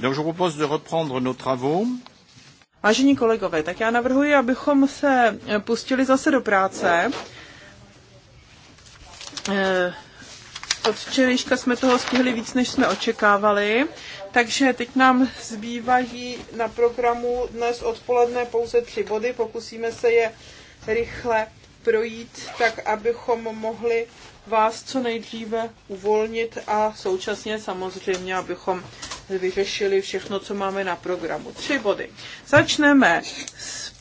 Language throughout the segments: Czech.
Donc je propose de reprendre nos travaux. Vážení kolegové, tak já navrhuji, abychom se eh, pustili zase do práce. Eh, od včerejška jsme toho stihli víc, než jsme očekávali, takže teď nám zbývají na programu dnes odpoledne pouze tři body. Pokusíme se je rychle projít, tak abychom mohli vás co nejdříve uvolnit a současně samozřejmě, abychom vyřešili všechno, co máme na programu. Tři body. Začneme s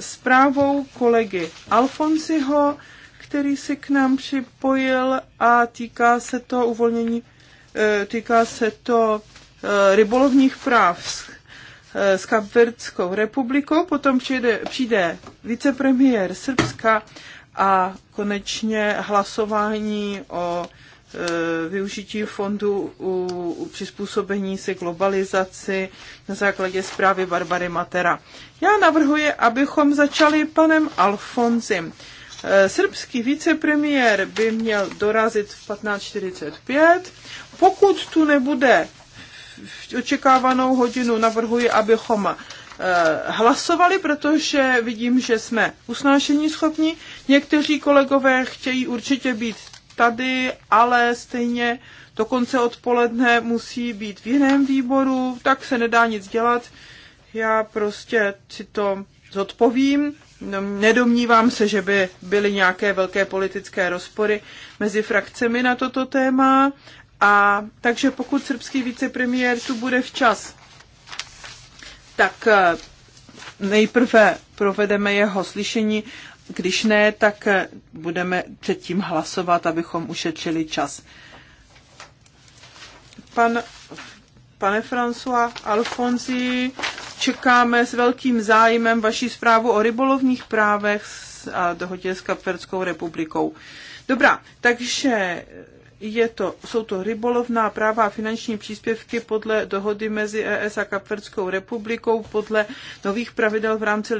zprávou kolegy Alfonsiho, který se k nám připojil a týká se to uvolnění, eh, týká se to eh, rybolovních práv eh, s Kapverdskou republikou, potom přijde, přijde vicepremiér Srbska a konečně hlasování o Eh, využití fondu u, u přizpůsobení se globalizaci na základě zprávy Barbary Matera. Já navrhuji, abychom začali panem Alfonzim. Eh, srbský vicepremiér by měl dorazit v 15.45. Pokud tu nebude v očekávanou hodinu, navrhuji, abychom eh, hlasovali, protože vidím, že jsme usnášení schopni. Někteří kolegové chtějí určitě být tady, ale stejně do konce odpoledne musí být v jiném výboru, tak se nedá nic dělat. Já prostě si to zodpovím. No, nedomnívám se, že by byly nějaké velké politické rozpory mezi frakcemi na toto téma. A takže pokud srbský vicepremiér tu bude včas, tak eh, nejprve provedeme jeho slyšení když ne, tak budeme předtím hlasovat, abychom ušetřili čas. Pan, pane François Alfonsi, čekáme s velkým zájmem vaši zprávu o rybolovních právech a dohodě s Kapverskou republikou. Dobrá, takže je to, jsou to rybolovná práva a finanční příspěvky podle dohody mezi ES a Kapverdskou republikou, podle nových pravidel v rámci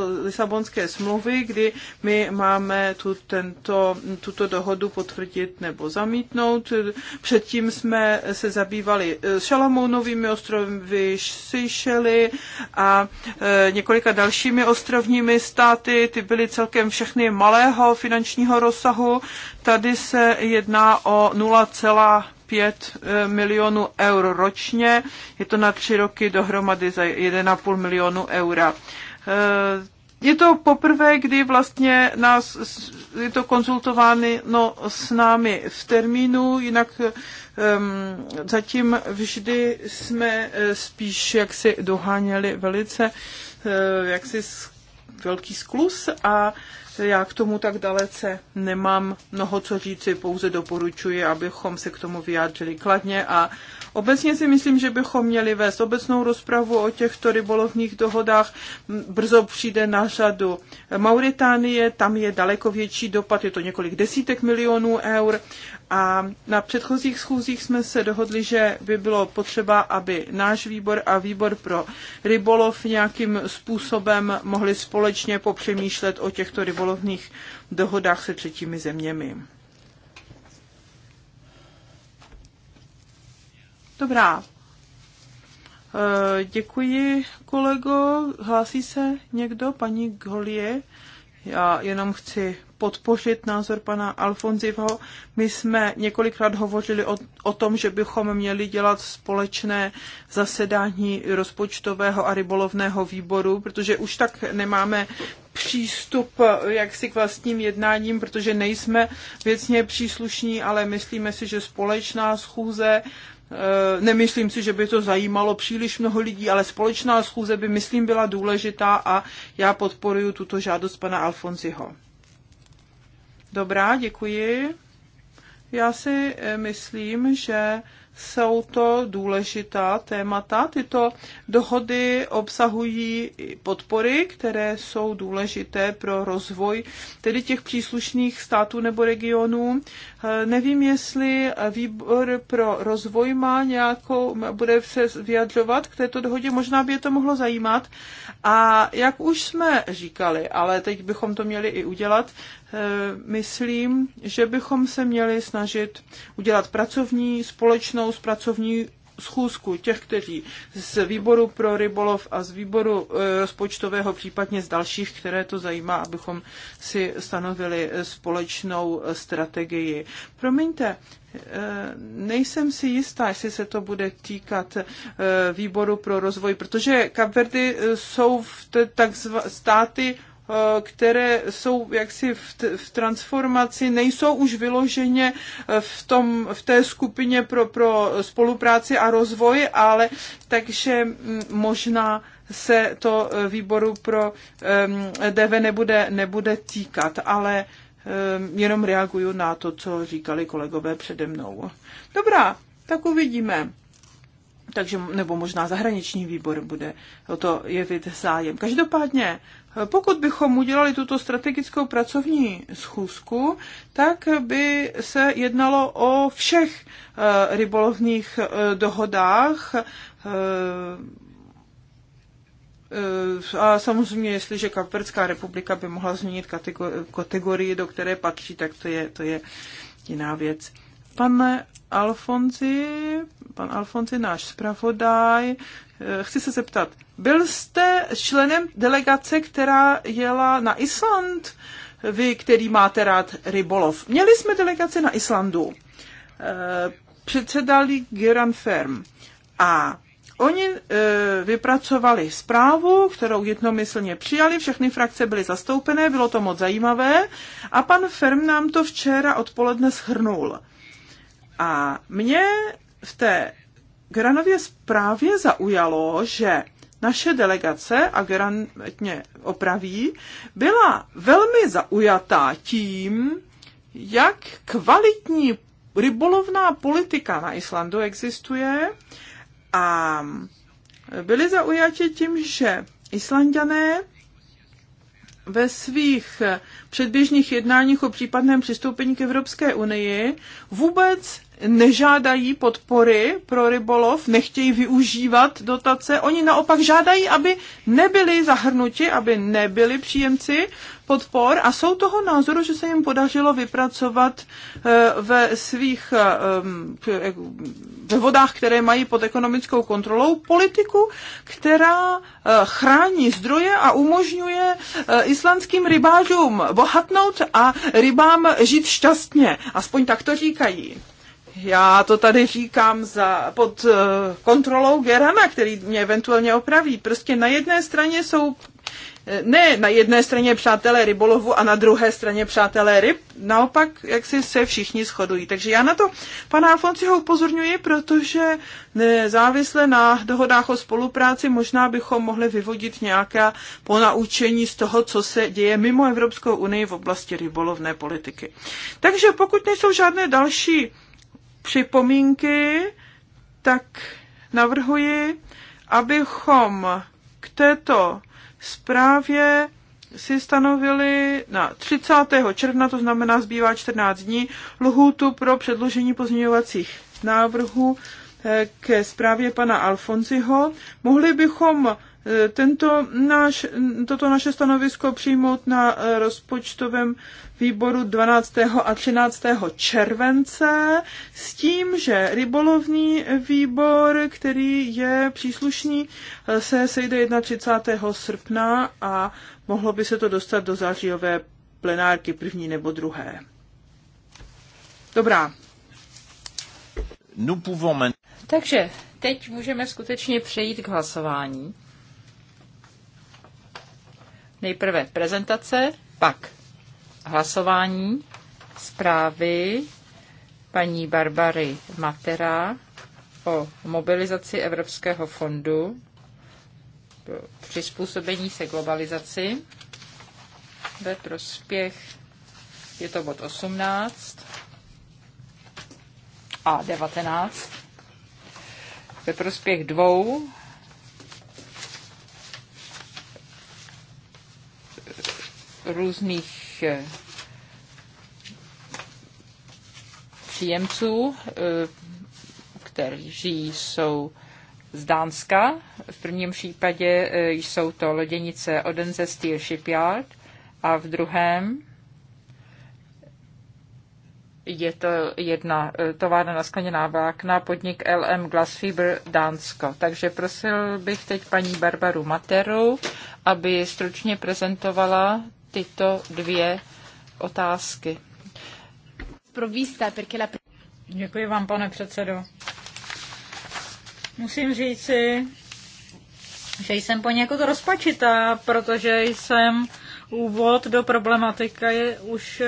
Lisabonské smlouvy, kdy my máme tu, tento, tuto dohodu potvrdit nebo zamítnout. Předtím jsme se zabývali e, Šalamounovými ostrovy, Seychely a e, několika dalšími ostrovními státy. Ty byly celkem všechny malého finančního rozsahu. Tady se jedná o 0,5 eh, milionů eur ročně. Je to na tři roky dohromady za 1,5 milionu eura. Eh, je to poprvé, kdy vlastně nás, je to konzultovány no, s námi v termínu, jinak um, zatím vždy jsme eh, spíš jaksi doháněli velice uh, jaksi velký sklus a uh, já k tomu tak dalece nemám mnoho co říci, pouze doporučuji, abychom se k tomu vyjádřili kladně a Obecně si myslím, že bychom měli vést obecnou rozpravu o těchto rybolovních dohodách. Brzo přijde na řadu Mauritánie, tam je daleko větší dopad, je to několik desítek milionů eur. A na předchozích schůzích jsme se dohodli, že by bylo potřeba, aby náš výbor a výbor pro rybolov nějakým způsobem mohli společně popřemýšlet o těchto rybolovných dohodách se třetími zeměmi. Dobrá. Eh, děkuji, kolego. Hlásí se někdo? Paní Golie? Já jenom chci podpořit názor pana Alfonziho. My jsme několikrát hovořili o, o tom, že bychom měli dělat společné zasedání rozpočtového a rybolovného výboru, protože už tak nemáme přístup jaksi k vlastním jednáním, protože nejsme věcně příslušní, ale myslíme si, že společná schůze Eh, nemyslím si, že by to zajímalo příliš mnoho lidí, ale společná schůze by, myslím, byla důležitá a já podporuji tuto žádost pana Alfonziho. Dobrá, děkuji. Já si eh, myslím, že jsou to důležitá témata. Tyto dohody obsahují podpory, které jsou důležité pro rozvoj tedy těch příslušných států nebo regionů. Eh, nevím, jestli výbor pro rozvoj má nějakou, bude se vyjadřovat k této dohodě, možná by je to mohlo zajímat. A jak už jsme říkali, ale teď bychom to měli i udělat, Eh, myslím, že bychom se měli snažit udělat pracovní, společnou s pracovní schůzku těch, kteří z výboru pro rybolov a z výboru eh, rozpočtového, případně z dalších, které to zajímá, abychom si stanovili společnou eh, strategii. Promiňte, nejsem si jistá, jestli se to bude týkat výboru pro rozvoj, protože Kapverdy jsou v takzvané státy Eh, které jsou jaksi v, v transformaci, nejsou už vyloženě eh, v, tom, v té skupině pro, pro spolupráci a rozvoj, ale takže mm, možná se to eh, výboru pro um, DV nebude, nebude týkat, ale um, jenom reaguju na to, co říkali kolegové přede mnou. Dobrá, tak uvidíme takže, nebo možná zahraniční výbor bude o to jevit zájem. Každopádně pokud bychom udělali tuto strategickou pracovní schůzku, tak by se jednalo o všech eh, rybolovných eh, dohodách. Eh, a samozřejmě, jestliže Kapverská republika by mohla změnit kategorii, do které patří, tak to je, to je jiná věc. Pane Alfonzi, pan Alfonzi, náš zpravodaj, Eh, chci se zeptat, byl jste členem delegace, která jela na Island? Vy, který máte rád rybolov. Měli jsme delegaci na Islandu. Eh, předsedali Geran Ferm. A Oni eh, vypracovali zprávu, kterou jednomyslně přijali, všechny frakce byly zastoupené, bylo to moc zajímavé a pan Ferm nám to včera odpoledne shrnul. A mě v té Granově zprávě zaujalo, že naše delegace, a Gran mě opraví, byla velmi zaujatá tím, jak kvalitní rybolovná politika na Islandu existuje a byli zaujati tím, že Islandané ve svých předběžných jednáních o případném přistoupení k Evropské unii vůbec nežádají podpory pro rybolov, nechtějí využívat dotace, oni naopak žádají, aby nebyli zahrnuti, aby nebyli příjemci podpor a jsou toho názoru, že se jim podařilo vypracovat eh, ve svých eh, eh, ve vodách, které mají pod ekonomickou kontrolou, politiku, která chrání zdroje a umožňuje islandským rybářům bohatnout a rybám žít šťastně. Aspoň tak to říkají já to tady říkám za, pod eh, kontrolou Gerana, který mě eventuálně opraví. Prostě na jedné straně jsou eh, ne na jedné straně přátelé rybolovu a na druhé straně přátelé ryb, naopak, jak si se všichni shodují. Takže já na to pana Alfonciho upozorňuji, protože závisle na dohodách o spolupráci možná bychom mohli vyvodit nějaká ponaučení z toho, co se děje mimo Evropskou unii v oblasti rybolovné politiky. Takže pokud nejsou žádné další připomínky, tak navrhuji, abychom k této zprávě si stanovili na 30. června, to znamená zbývá 14 dní, lhůtu pro předložení pozměňovacích návrhů eh, ke zprávě pana Alfonziho. Mohli bychom tento náš, toto naše stanovisko přijmout na rozpočtovém výboru 12. a 13. července s tím, že rybolovní výbor, který je příslušný, se sejde 31. srpna a mohlo by se to dostat do zářijové plenárky první nebo druhé. Dobrá. Takže teď můžeme skutečně přejít k hlasování. Nejprve prezentace, pak hlasování zprávy paní Barbary Matera o mobilizaci Evropského fondu při přizpůsobení se globalizaci ve prospěch, je to bod 18 a 19, ve prospěch dvou různých eh, příjemců, eh, kteří jsou z Dánska. V prvním případě eh, jsou to loděnice Odense Steel Shipyard a v druhém je to jedna továrna na skleněná vlákna, podnik LM Glassfiber Dánsko. Takže prosil bych teď paní Barbaru Materu, aby stručně prezentovala tyto dvě otázky. Děkuji vám, pane předsedo. Musím říci, že jsem poněkud rozpačitá, protože jsem úvod do problematiky už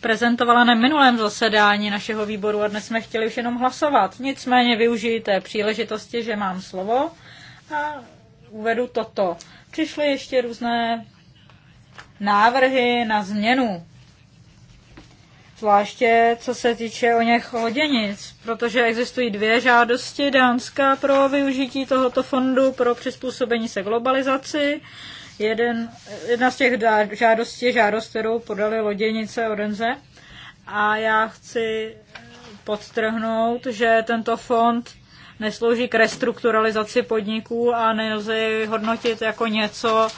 prezentovala na minulém zasedání našeho výboru a dnes jsme chtěli už jenom hlasovat. Nicméně využijte té příležitosti, že mám slovo a uvedu toto. Přišly ještě různé návrhy na změnu. Zvláště co se týče o něch hodinic, protože existují dvě žádosti Dánska pro využití tohoto fondu pro přizpůsobení se globalizaci. Jeden, jedna z těch žádostí je žádost, kterou podali loděnice Orenze. A já chci podtrhnout, že tento fond neslouží k restrukturalizaci podniků a nelze hodnotit jako něco,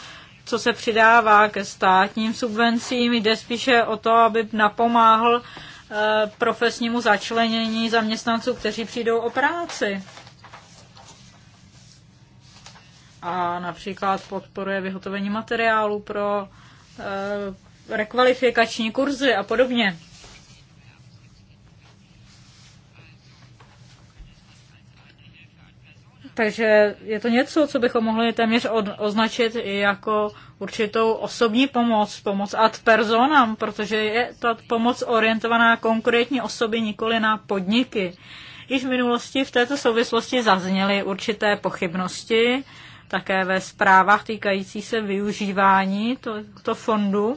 co se přidává ke státním subvencím. Jde spíše o to, aby napomáhl eh, profesnímu začlenění zaměstnanců, kteří přijdou o práci. A například podporuje vyhotovení materiálu pro eh, rekvalifikační kurzy a podobně. Takže je to něco, co bychom mohli téměř označit i jako určitou osobní pomoc, pomoc ad personam, protože je ta pomoc orientovaná konkrétní osoby, nikoli na podniky. Již v minulosti v této souvislosti zazněly určité pochybnosti, také ve zprávách týkající se využívání to, to fondu.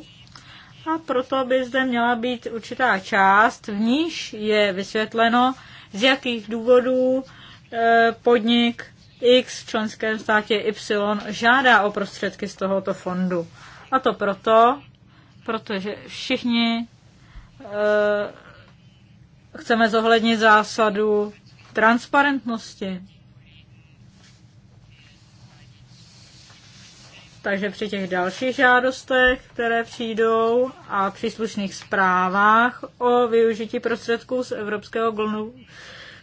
A proto by zde měla být určitá část, v níž je vysvětleno, z jakých důvodů E, podnik X v členském státě Y žádá o prostředky z tohoto fondu. A to proto, protože všichni e, chceme zohlednit zásadu transparentnosti. Takže při těch dalších žádostech, které přijdou a příslušných zprávách o využití prostředků z Evropského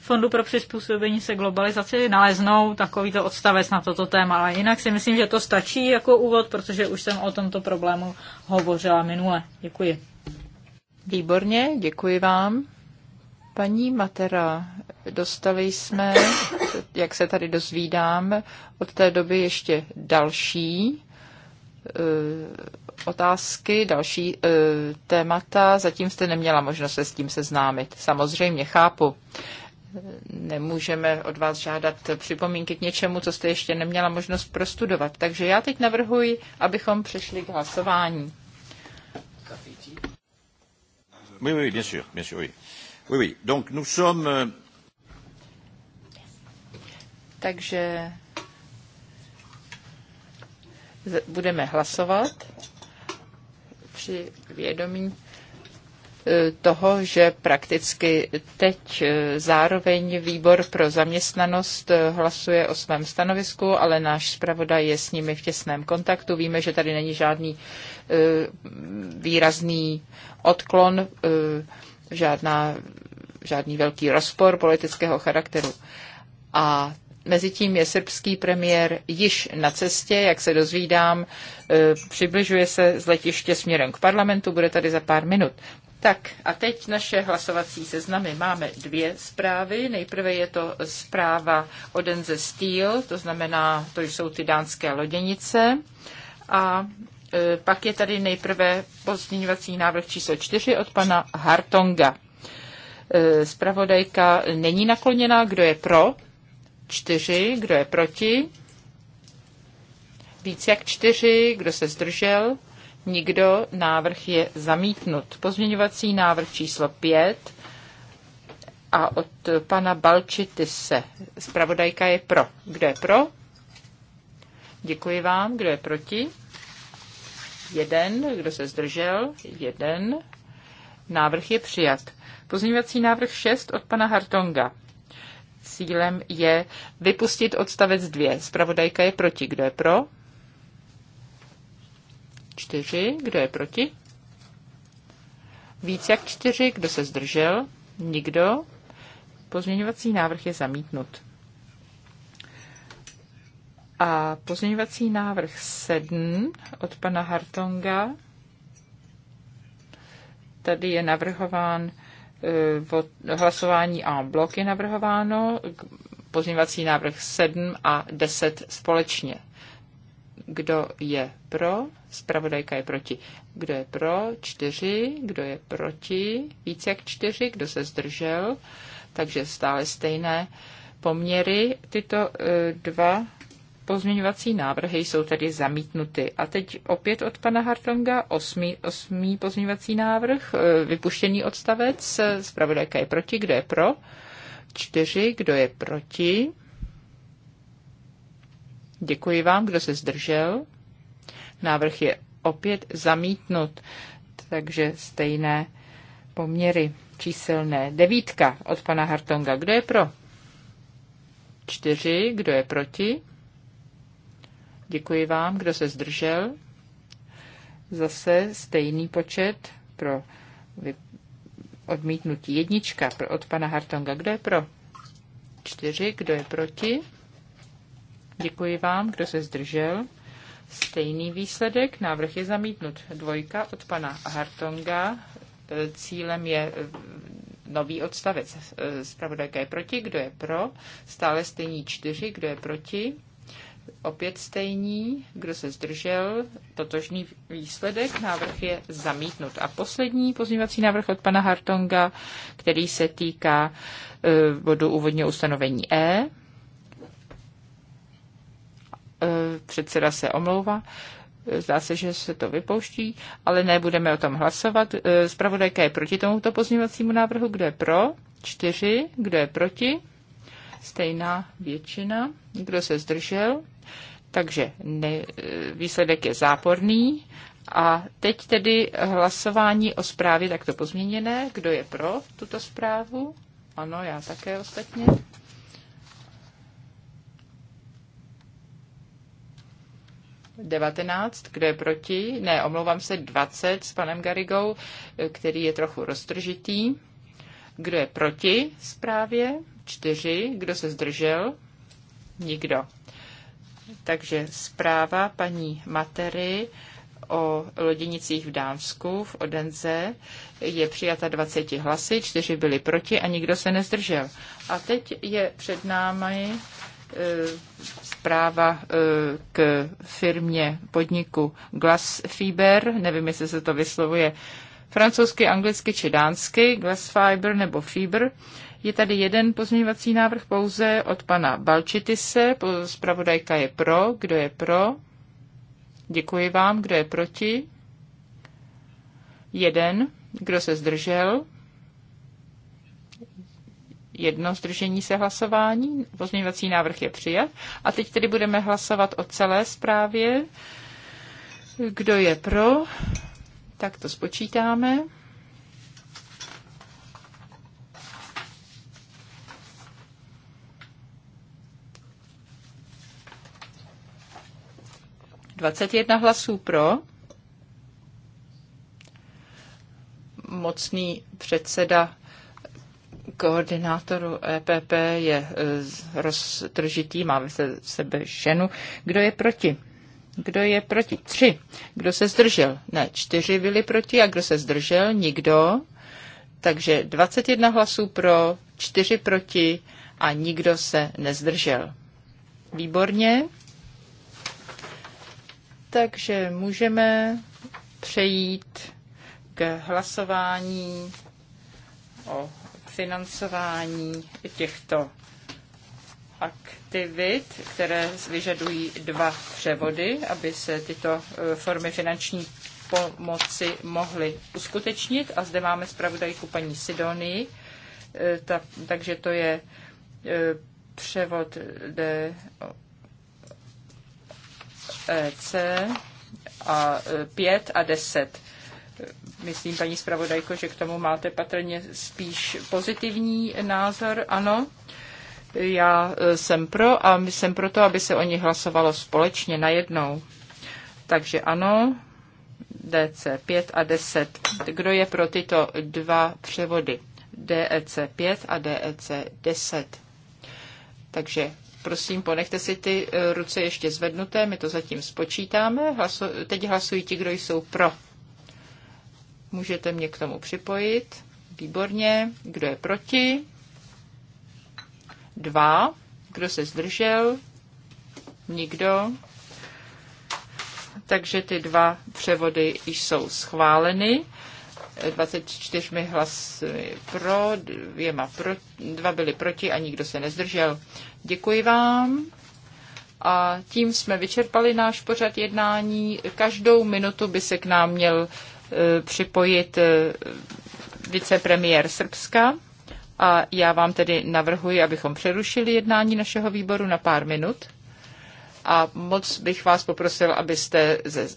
Fondu pro přizpůsobení se globalizaci naleznou takovýto odstavec na toto téma. Ale jinak si myslím, že to stačí jako úvod, protože už jsem o tomto problému hovořila minule. Děkuji. Výborně, děkuji vám. Paní Matera, dostali jsme, jak se tady dozvídám, od té doby ještě další eh, otázky, další eh, témata. Zatím jste neměla možnost se s tím seznámit. Samozřejmě chápu nemůžeme od vás žádat připomínky k něčemu, co jste ještě neměla možnost prostudovat. Takže já teď navrhuji, abychom přešli k hlasování. Oui, oui, bien sûr, bien sûr, oui. Oui, oui. Donc, nous sommes... Euh, Takže budeme hlasovat při vědomí Eh, toho, že prakticky teď eh, zároveň výbor pro zaměstnanost eh, hlasuje o svém stanovisku, ale náš zpravodaj je s nimi v těsném kontaktu. Víme, že tady není žádný výrazný odklon, žádná, žádný velký rozpor politického charakteru. A Mezitím je srbský premiér již na cestě, jak se dozvídám, přibližuje se z letiště směrem k parlamentu, bude tady za pár minut. Tak a teď naše hlasovací seznamy. Máme dvě zprávy. Nejprve je to zpráva Odense Steel, to znamená, to jsou ty dánské loděnice. A e, pak je tady nejprve pozměňovací návrh číslo čtyři od pana Hartonga. E, spravodajka není nakloněná. Kdo je pro? Čtyři. Kdo je proti? Víc jak čtyři. Kdo se zdržel? nikdo, návrh je zamítnut. Pozměňovací návrh číslo 5 a od pana se Spravodajka je pro. Kdo je pro? Děkuji vám. Kdo je proti? Jeden. Kdo se zdržel? Jeden. Návrh je přijat. Pozměňovací návrh 6 od pana Hartonga. Cílem je vypustit odstavec 2. Spravodajka je proti. Kdo je pro? 4. Kdo je proti? Víc jak 4. Kdo se zdržel? Nikdo. Pozměňovací návrh je zamítnut. A pozměňovací návrh 7 od pana Hartonga. Tady je navrhován eh, hlasování a blok je navrhováno. Pozměňovací návrh 7 a 10 společně. Kdo je pro? Spravodajka je proti. Kdo je pro? Čtyři. Kdo je proti? Více jak čtyři. Kdo se zdržel? Takže stále stejné poměry. Tyto e, dva pozměňovací návrhy jsou tedy zamítnuty. A teď opět od pana Hartonga osmý, osmý pozměňovací návrh, e, vypuštěný odstavec. Spravodajka je proti. Kdo je pro? Čtyři. Kdo je proti? Děkuji vám, kdo se zdržel. Návrh je opět zamítnut, takže stejné poměry číselné. Devítka od pana Hartonga. Kdo je pro? Čtyři. Kdo je proti? Děkuji vám, kdo se zdržel. Zase stejný počet pro odmítnutí jednička od pana Hartonga. Kdo je pro? Čtyři. Kdo je proti? Děkuji vám, kdo se zdržel. Stejný výsledek, návrh je zamítnut. Dvojka od pana Hartonga, cílem je eh, nový odstavec. Spravodajka je proti, kdo je pro, stále stejný čtyři, kdo je proti, opět stejný, kdo se zdržel, totožný výsledek, návrh je zamítnut. A poslední pozměňovací návrh od pana Hartonga, který se týká eh, bodu úvodního ustanovení E, Eh, předseda se omlouvá. Eh, zdá se, že se to vypouští, ale nebudeme o tom hlasovat. Eh, zpravodajka je proti tomuto pozměňovacímu návrhu. Kdo je pro? Čtyři. Kdo je proti? Stejná většina. Kdo se zdržel? Takže ne, výsledek je záporný. A teď tedy hlasování o zprávě takto pozměněné. Kdo je pro tuto zprávu? Ano, já také ostatně. 19, kdo je proti? Ne, omlouvám se, 20 s panem Garigou, který je trochu roztržitý. Kdo je proti zprávě? 4. Kdo se zdržel? Nikdo. Takže zpráva paní Matery o loděnicích v Dánsku, v Odenze, je přijata 20 hlasy, čtyři byli proti a nikdo se nezdržel. A teď je před námi Eh, zpráva eh, k firmě podniku Glasfiber, nevím, jestli se to vyslovuje francouzsky, anglicky či dánsky, Glasfiber nebo Fiber. Je tady jeden pozměňovací návrh pouze od pana Balčitise, zpravodajka je pro, kdo je pro? Děkuji vám, kdo je proti? Jeden, kdo se zdržel? jedno zdržení se hlasování. Pozměňovací návrh je přijat. A teď tedy budeme hlasovat o celé zprávě. Kdo je pro? Tak to spočítáme. Dvacet jedna hlasů pro. Mocný předseda koordinátoru EPP je e, roztržitý, máme se sebe ženu. Kdo je proti? Kdo je proti? Tři. Kdo se zdržel? Ne, čtyři byli proti a kdo se zdržel? Nikdo. Takže 21 hlasů pro, čtyři proti a nikdo se nezdržel. Výborně. Takže můžeme přejít k hlasování o financování těchto aktivit, které vyžadují dva převody, aby se tyto e, formy finanční pomoci mohly uskutečnit. A zde máme zpravodajku paní Sidonii, e, ta, takže to je e, převod DEC a 5 a 10 Myslím, paní zpravodajko, že k tomu máte patrně spíš pozitivní názor, ano. Já e, jsem pro a jsem pro to, aby se o nich hlasovalo společně najednou. Takže ano, DC 5 a 10. Kdo je pro tyto dva převody? DEC 5 a e DEC 10. Takže prosím, ponechte si ty e, ruce ještě zvednuté, my to zatím spočítáme. Hlasu, teď hlasují ti, kdo jsou pro. Můžete mě k tomu připojit. Výborně. Kdo je proti? Dva. Kdo se zdržel? Nikdo. Takže ty dva převody jsou schváleny. 24 hlasy pro, dvěma pro, dva byli proti a nikdo se nezdržel. Děkuji vám. A tím jsme vyčerpali náš pořad jednání. Každou minutu by se k nám měl Eh, připojit eh, vicepremiér Srbska. A já vám tedy navrhuji, abychom přerušili jednání našeho výboru na pár minut. A moc bych vás poprosil, abyste ze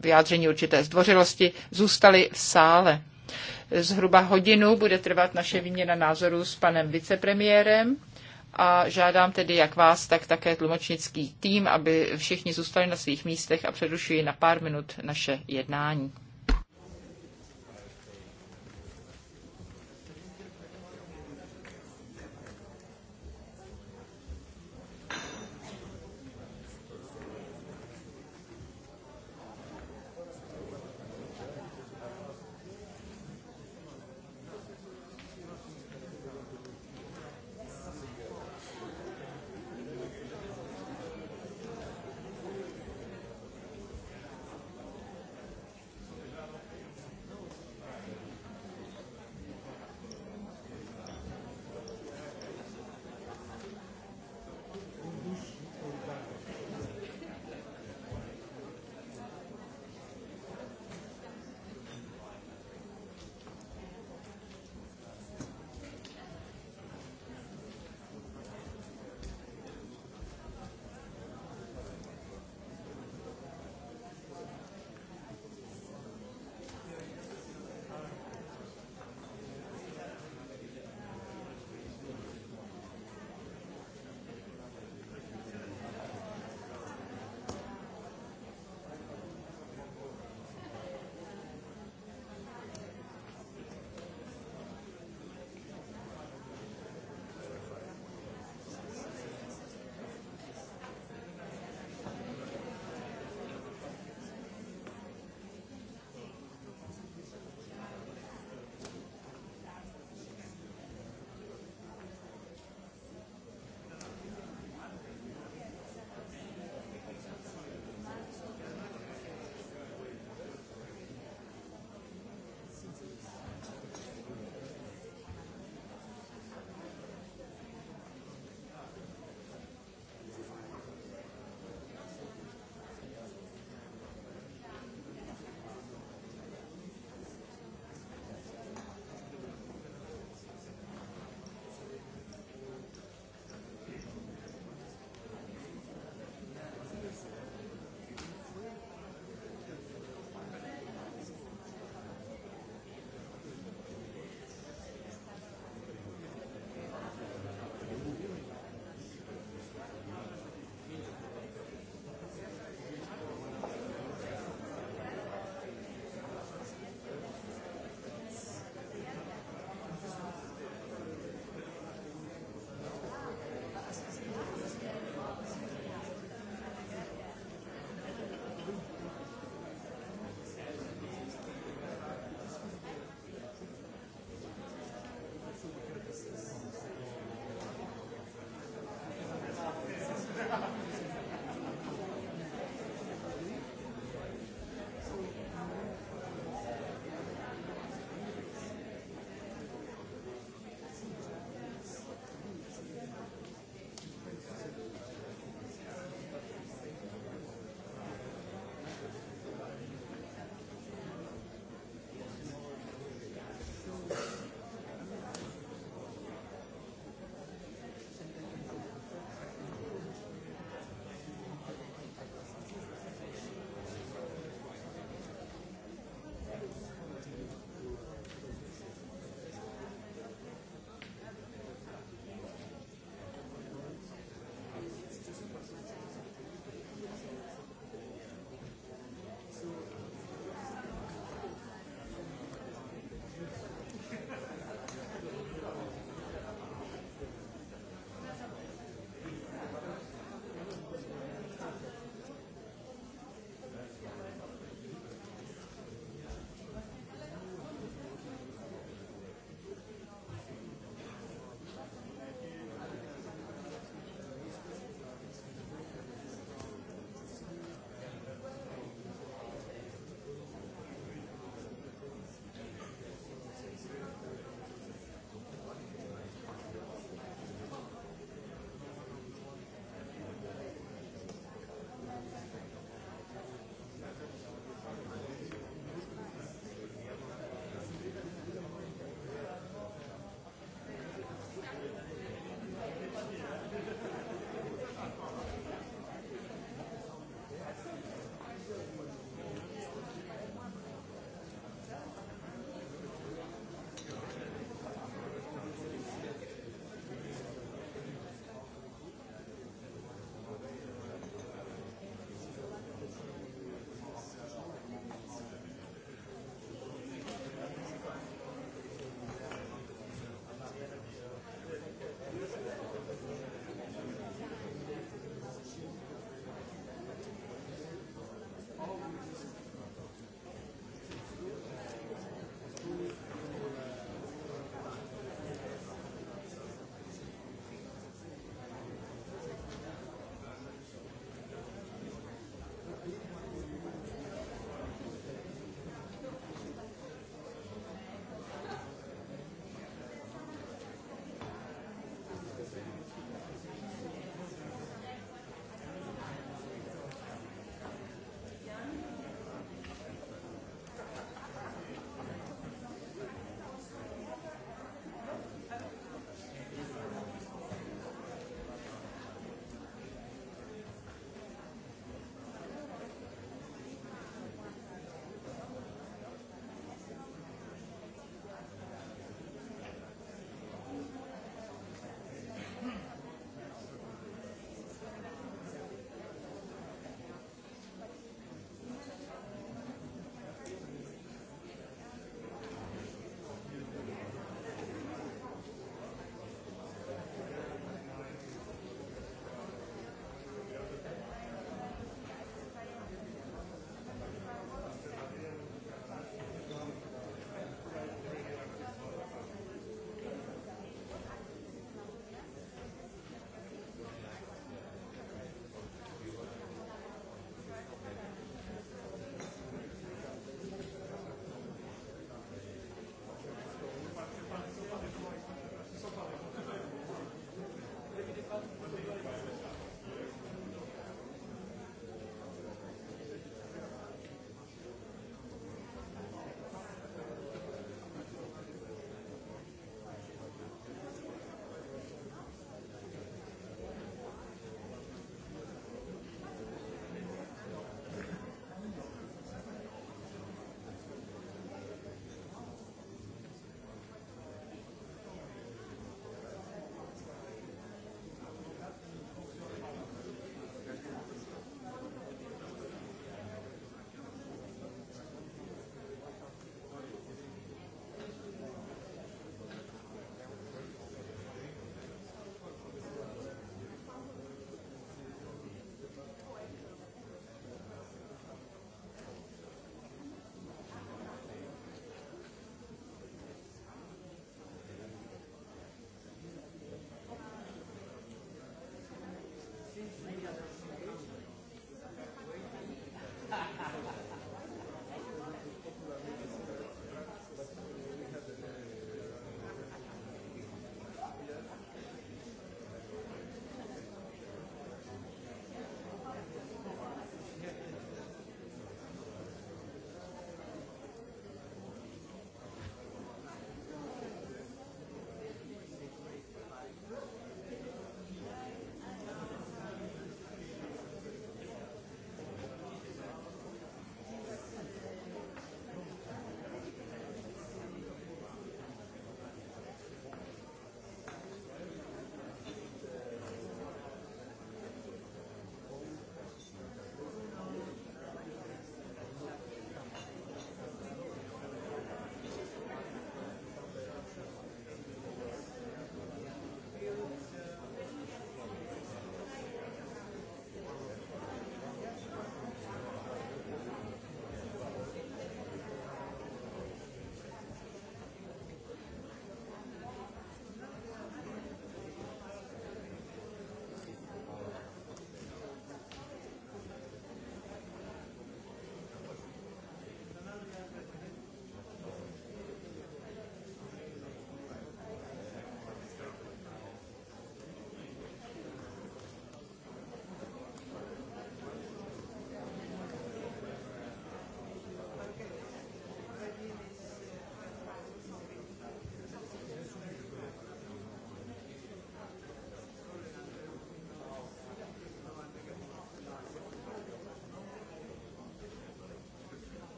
vyjádření určité zdvořilosti zůstali v sále. Zhruba hodinu bude trvat naše výměna názorů s panem vicepremiérem a žádám tedy jak vás, tak také tlumočnický tým, aby všichni zůstali na svých místech a přerušuji na pár minut naše jednání.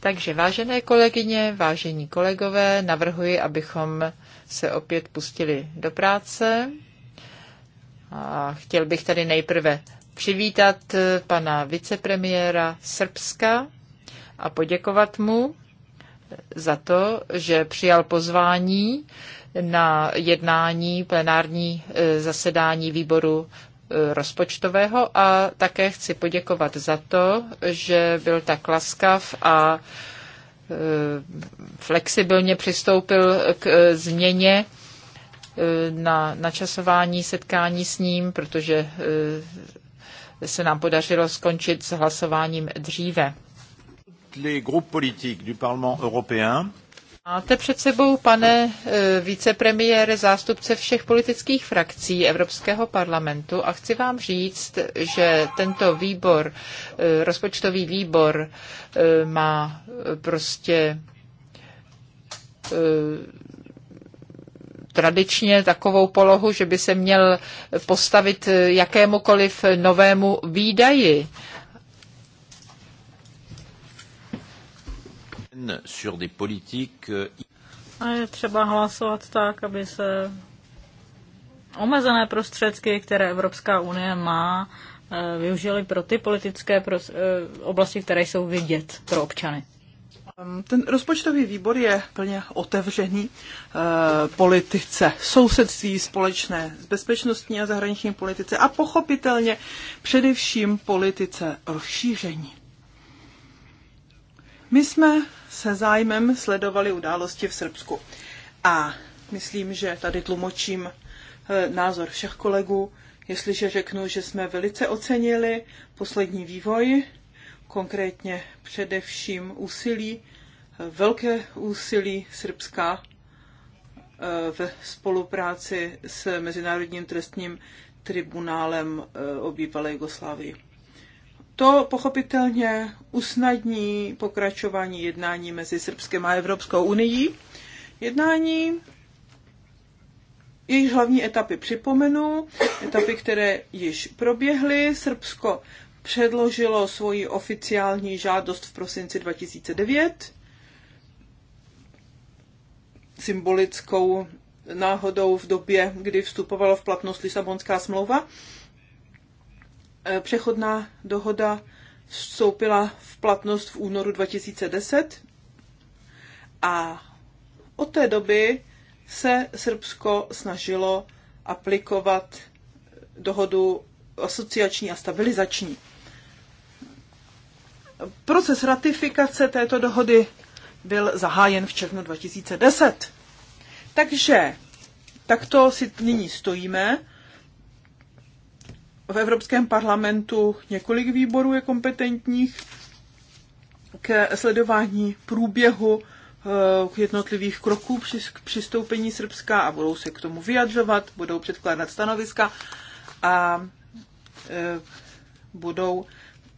Takže vážené kolegyně, vážení kolegové, navrhuji, abychom se opět pustili do práce. A chtěl bych tady nejprve přivítat eh, pana vicepremiéra Srbska a poděkovat mu za to, že přijal pozvání na jednání plenární eh, zasedání výboru rozpočtového a také chci poděkovat za to, že byl tak laskav a e, flexibilně přistoupil k e, změně e, na načasování setkání s ním, protože se nám podařilo skončit s hlasováním dříve. Les groupes politiques du Parlement européen Máte před sebou, pane eh, vicepremiére, zástupce všech politických frakcí Evropského parlamentu a chci vám říct, že tento výbor, eh, rozpočtový výbor, eh, má prostě tradičně takovou polohu, že by se měl postavit jakémukoliv novému výdaji sur des politiques... Euh, je třeba hlasovat tak, aby se omezené prostředky, které Evropská unie má, eh, využili pro ty politické eh, oblasti, které jsou vidět pro občany. Ehm, ten rozpočtový výbor je plně otevřený e, politice, sousedství společné, bezpečnostní a zahraniční politice a pochopitelně především politice rozšíření. My jsme se zájmem sledovali události v Srbsku. A myslím, že tady tlumočím eh, názor všech kolegů, jestliže řeknu, že jsme velice ocenili poslední vývoj, konkrétně především úsilí, eh, velké úsilí Srbska eh, ve spolupráci s Mezinárodním trestním tribunálem o bývalé Jugoslávii. To pochopitelně usnadní pokračování jednání mezi Srbskem a Evropskou unii. Jednání jejich hlavní etapy připomenu, etapy, které již proběhly. Srbsko předložilo svoji oficiální žádost v prosinci 2009 symbolickou náhodou v době, kdy vstupovala v platnost Lisabonská smlouva. Eh, přechodná dohoda vstoupila v platnost v únoru 2010 a od té doby se Srbsko snažilo aplikovat dohodu asociační a stabilizační. Proces ratifikace této dohody byl zahájen v červnu 2010. Takže takto si nyní stojíme v Evropském parlamentu několik výborů je kompetentních k sledování průběhu k eh, jednotlivých kroků při přistoupení Srbska a budou se k tomu vyjadřovat, budou předkládat stanoviska a eh, budou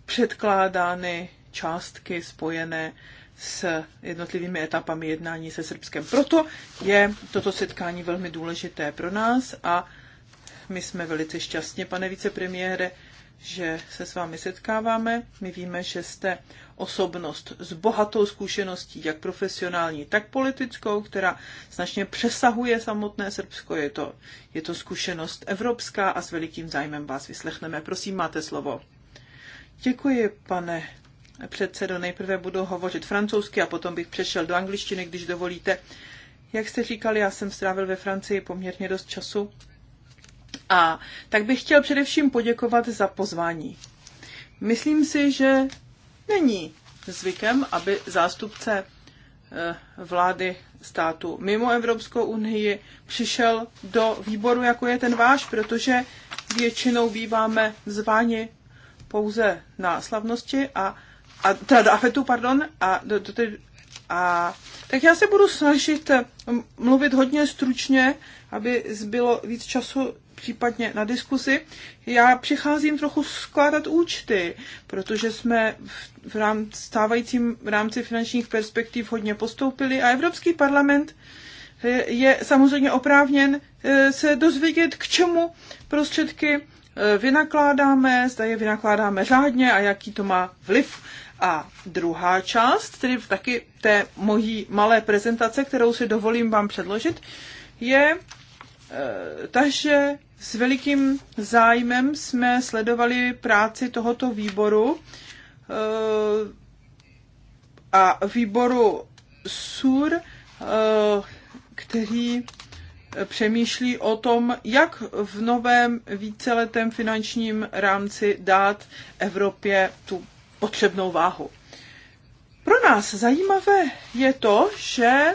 předkládány částky spojené s jednotlivými etapami jednání se Srbskem. Proto je toto setkání velmi důležité pro nás a my jsme velice šťastně, pane vicepremiére, že se s vámi setkáváme. My víme, že jste osobnost s bohatou zkušeností, jak profesionální, tak politickou, která značně přesahuje samotné Srbsko. Je to, je to zkušenost evropská a s velikým zájmem vás vyslechneme. Prosím, máte slovo. Děkuji, pane předsedo. Nejprve budu hovořit francouzsky a potom bych přešel do angličtiny, když dovolíte. Jak jste říkali, já jsem strávil ve Francii poměrně dost času a tak bych chtěl především poděkovat za pozvání. Myslím si, že není zvykem, aby zástupce eh, vlády státu mimo Evropskou unii přišel do výboru, jako je ten váš, protože většinou býváme zváni pouze na slavnosti a, a teda do afetu, pardon, a, do, do, a tak já se budu snažit eh, mluvit hodně stručně, aby zbylo víc času případně na diskusi. Já přicházím trochu skládat účty, protože jsme v rám, stávajícím rámci finančních perspektiv hodně postoupili a Evropský parlament eh, je samozřejmě oprávněn eh, se dozvědět, k čemu prostředky eh, vynakládáme, zda je vynakládáme řádně a jaký to má vliv. A druhá část, tedy taky té mojí malé prezentace, kterou si dovolím vám předložit, je Eh, takže s velikým zájmem jsme sledovali práci tohoto výboru eh, a výboru SUR, eh, který přemýšlí o tom, jak v novém víceletém finančním rámci dát Evropě tu potřebnou váhu. Pro nás zajímavé je to, že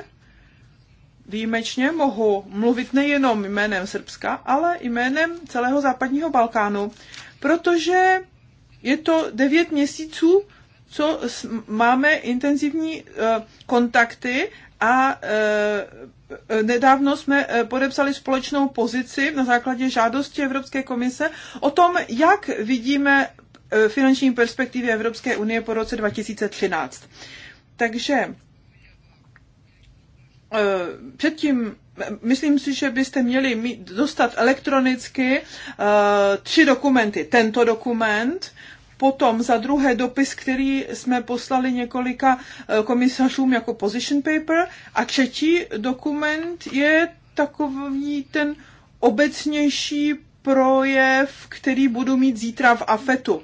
výjimečně mohu mluvit nejenom jménem Srbska, ale jménem celého západního Balkánu, protože je to devět měsíců, co máme intenzivní eh, kontakty a eh, nedávno jsme eh, podepsali společnou pozici na základě žádosti Evropské komise o tom, jak vidíme finanční perspektivy Evropské unie po roce 2013. Takže Eh, předtím myslím si, že byste měli mít, dostat elektronicky eh, tři dokumenty. Tento dokument, potom za druhé dopis, který jsme poslali několika eh, komisařům jako position paper a třetí dokument je takový ten obecnější projev, který budu mít zítra v AFETu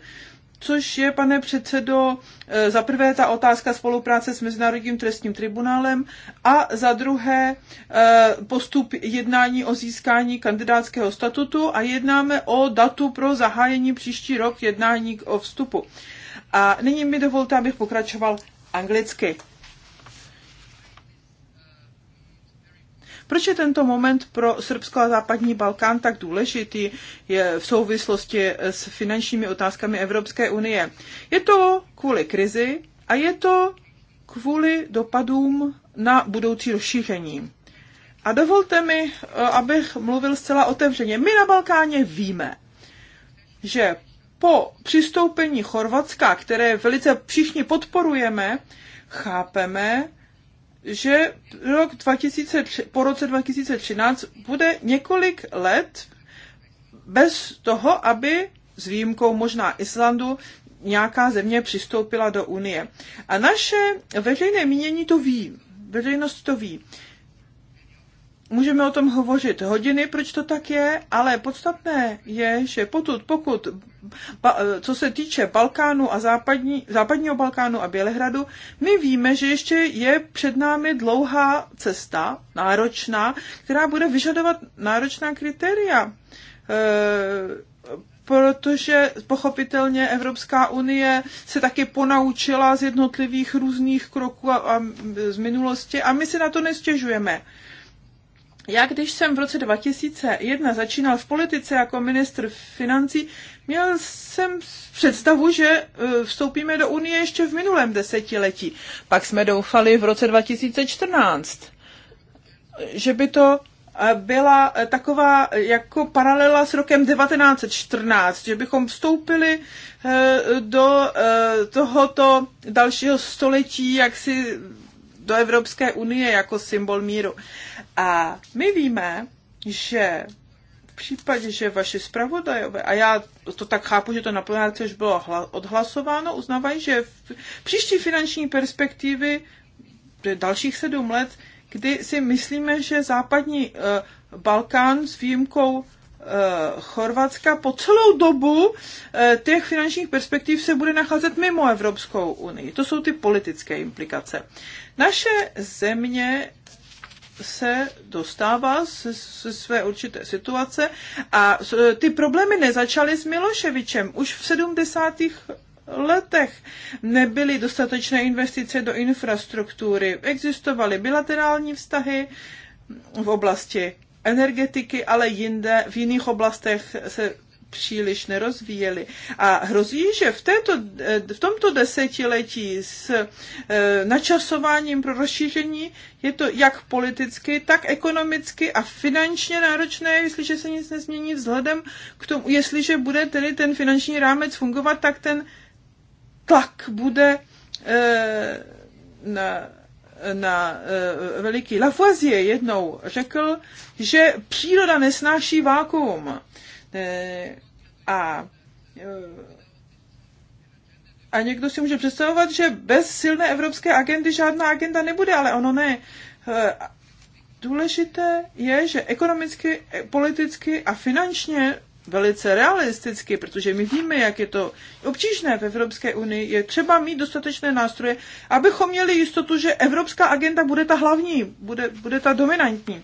což je, pane předsedo, e, za prvé ta otázka spolupráce s Mezinárodním trestním tribunálem a za druhé e, postup jednání o získání kandidátského statutu a jednáme o datu pro zahájení příští rok jednání o vstupu. A nyní mi dovolte, abych pokračoval anglicky. Proč je tento moment pro Srbsko a západní Balkán tak důležitý je v souvislosti s finančními otázkami Evropské unie? Je to kvůli krizi a je to kvůli dopadům na budoucí rozšíření. A dovolte mi, eh, abych mluvil zcela otevřeně. My na Balkáně víme, že po přistoupení Chorvatska, které velice všichni podporujeme, chápeme, že rok 2003, po roce 2013 bude několik let bez toho, aby s výjimkou možná Islandu nějaká země přistoupila do Unie. A naše veřejné mínění to ví, veřejnost to ví. Můžeme o tom hovořit hodiny, proč to tak je, ale podstatné je, že potud, pokud, ba, eh, co se týče Balkánu a západní, západního Balkánu a Bělehradu, my víme, že ještě je před námi dlouhá cesta, náročná, která bude vyžadovat náročná kritéria. E protože pochopitelně Evropská unie se taky ponaučila z jednotlivých různých kroků a, a z minulosti a my si na to nestěžujeme. Já, když jsem v roce 2001 začínal v politice jako ministr financí, měl jsem představu, že e, vstoupíme do Unie ještě v minulém desetiletí. Pak jsme doufali v roce 2014, že by to e, byla e, taková jako paralela s rokem 1914, že bychom vstoupili do tohoto dalšího století jaksi do Evropské unie jako symbol míru. A my víme, že v případě, že vaši zpravodajové, a já to tak chápu, že to na plenárce už bylo odhlasováno, uznávají, že v příští finanční perspektivy dalších sedm let, kdy si myslíme, že západní eh, Balkán s výjimkou Eh, Chorvatska po celou dobu eh, těch finančních perspektiv se bude nacházet mimo Evropskou unii. To jsou ty politické implikace. Naše země se dostává ze své určité situace a eh, ty problémy nezačaly s Miloševičem. Už v 70 letech nebyly dostatečné investice do infrastruktury, existovaly bilaterální vztahy v oblasti energetiky, ale jinde, v jiných oblastech se příliš nerozvíjeli. A hrozí, že v, této, eh, v tomto desetiletí s eh, načasováním pro rozšíření je to jak politicky, tak ekonomicky a finančně náročné, jestliže se nic nezmění vzhledem k tomu, jestliže bude tedy ten finanční rámec fungovat, tak ten tlak bude eh, na na eh, veliký Lafoisier jednou řekl, že příroda nesnáší vákuum. Eh, a eh, a někdo si může představovat, že bez silné evropské agendy žádná agenda nebude, ale ono ne. Důležité je, že ekonomicky, politicky a finančně velice realisticky, protože my víme, jak je to obtížné v Evropské unii, je třeba mít dostatečné nástroje, abychom měli jistotu, že evropská agenda bude ta hlavní, bude, bude ta dominantní.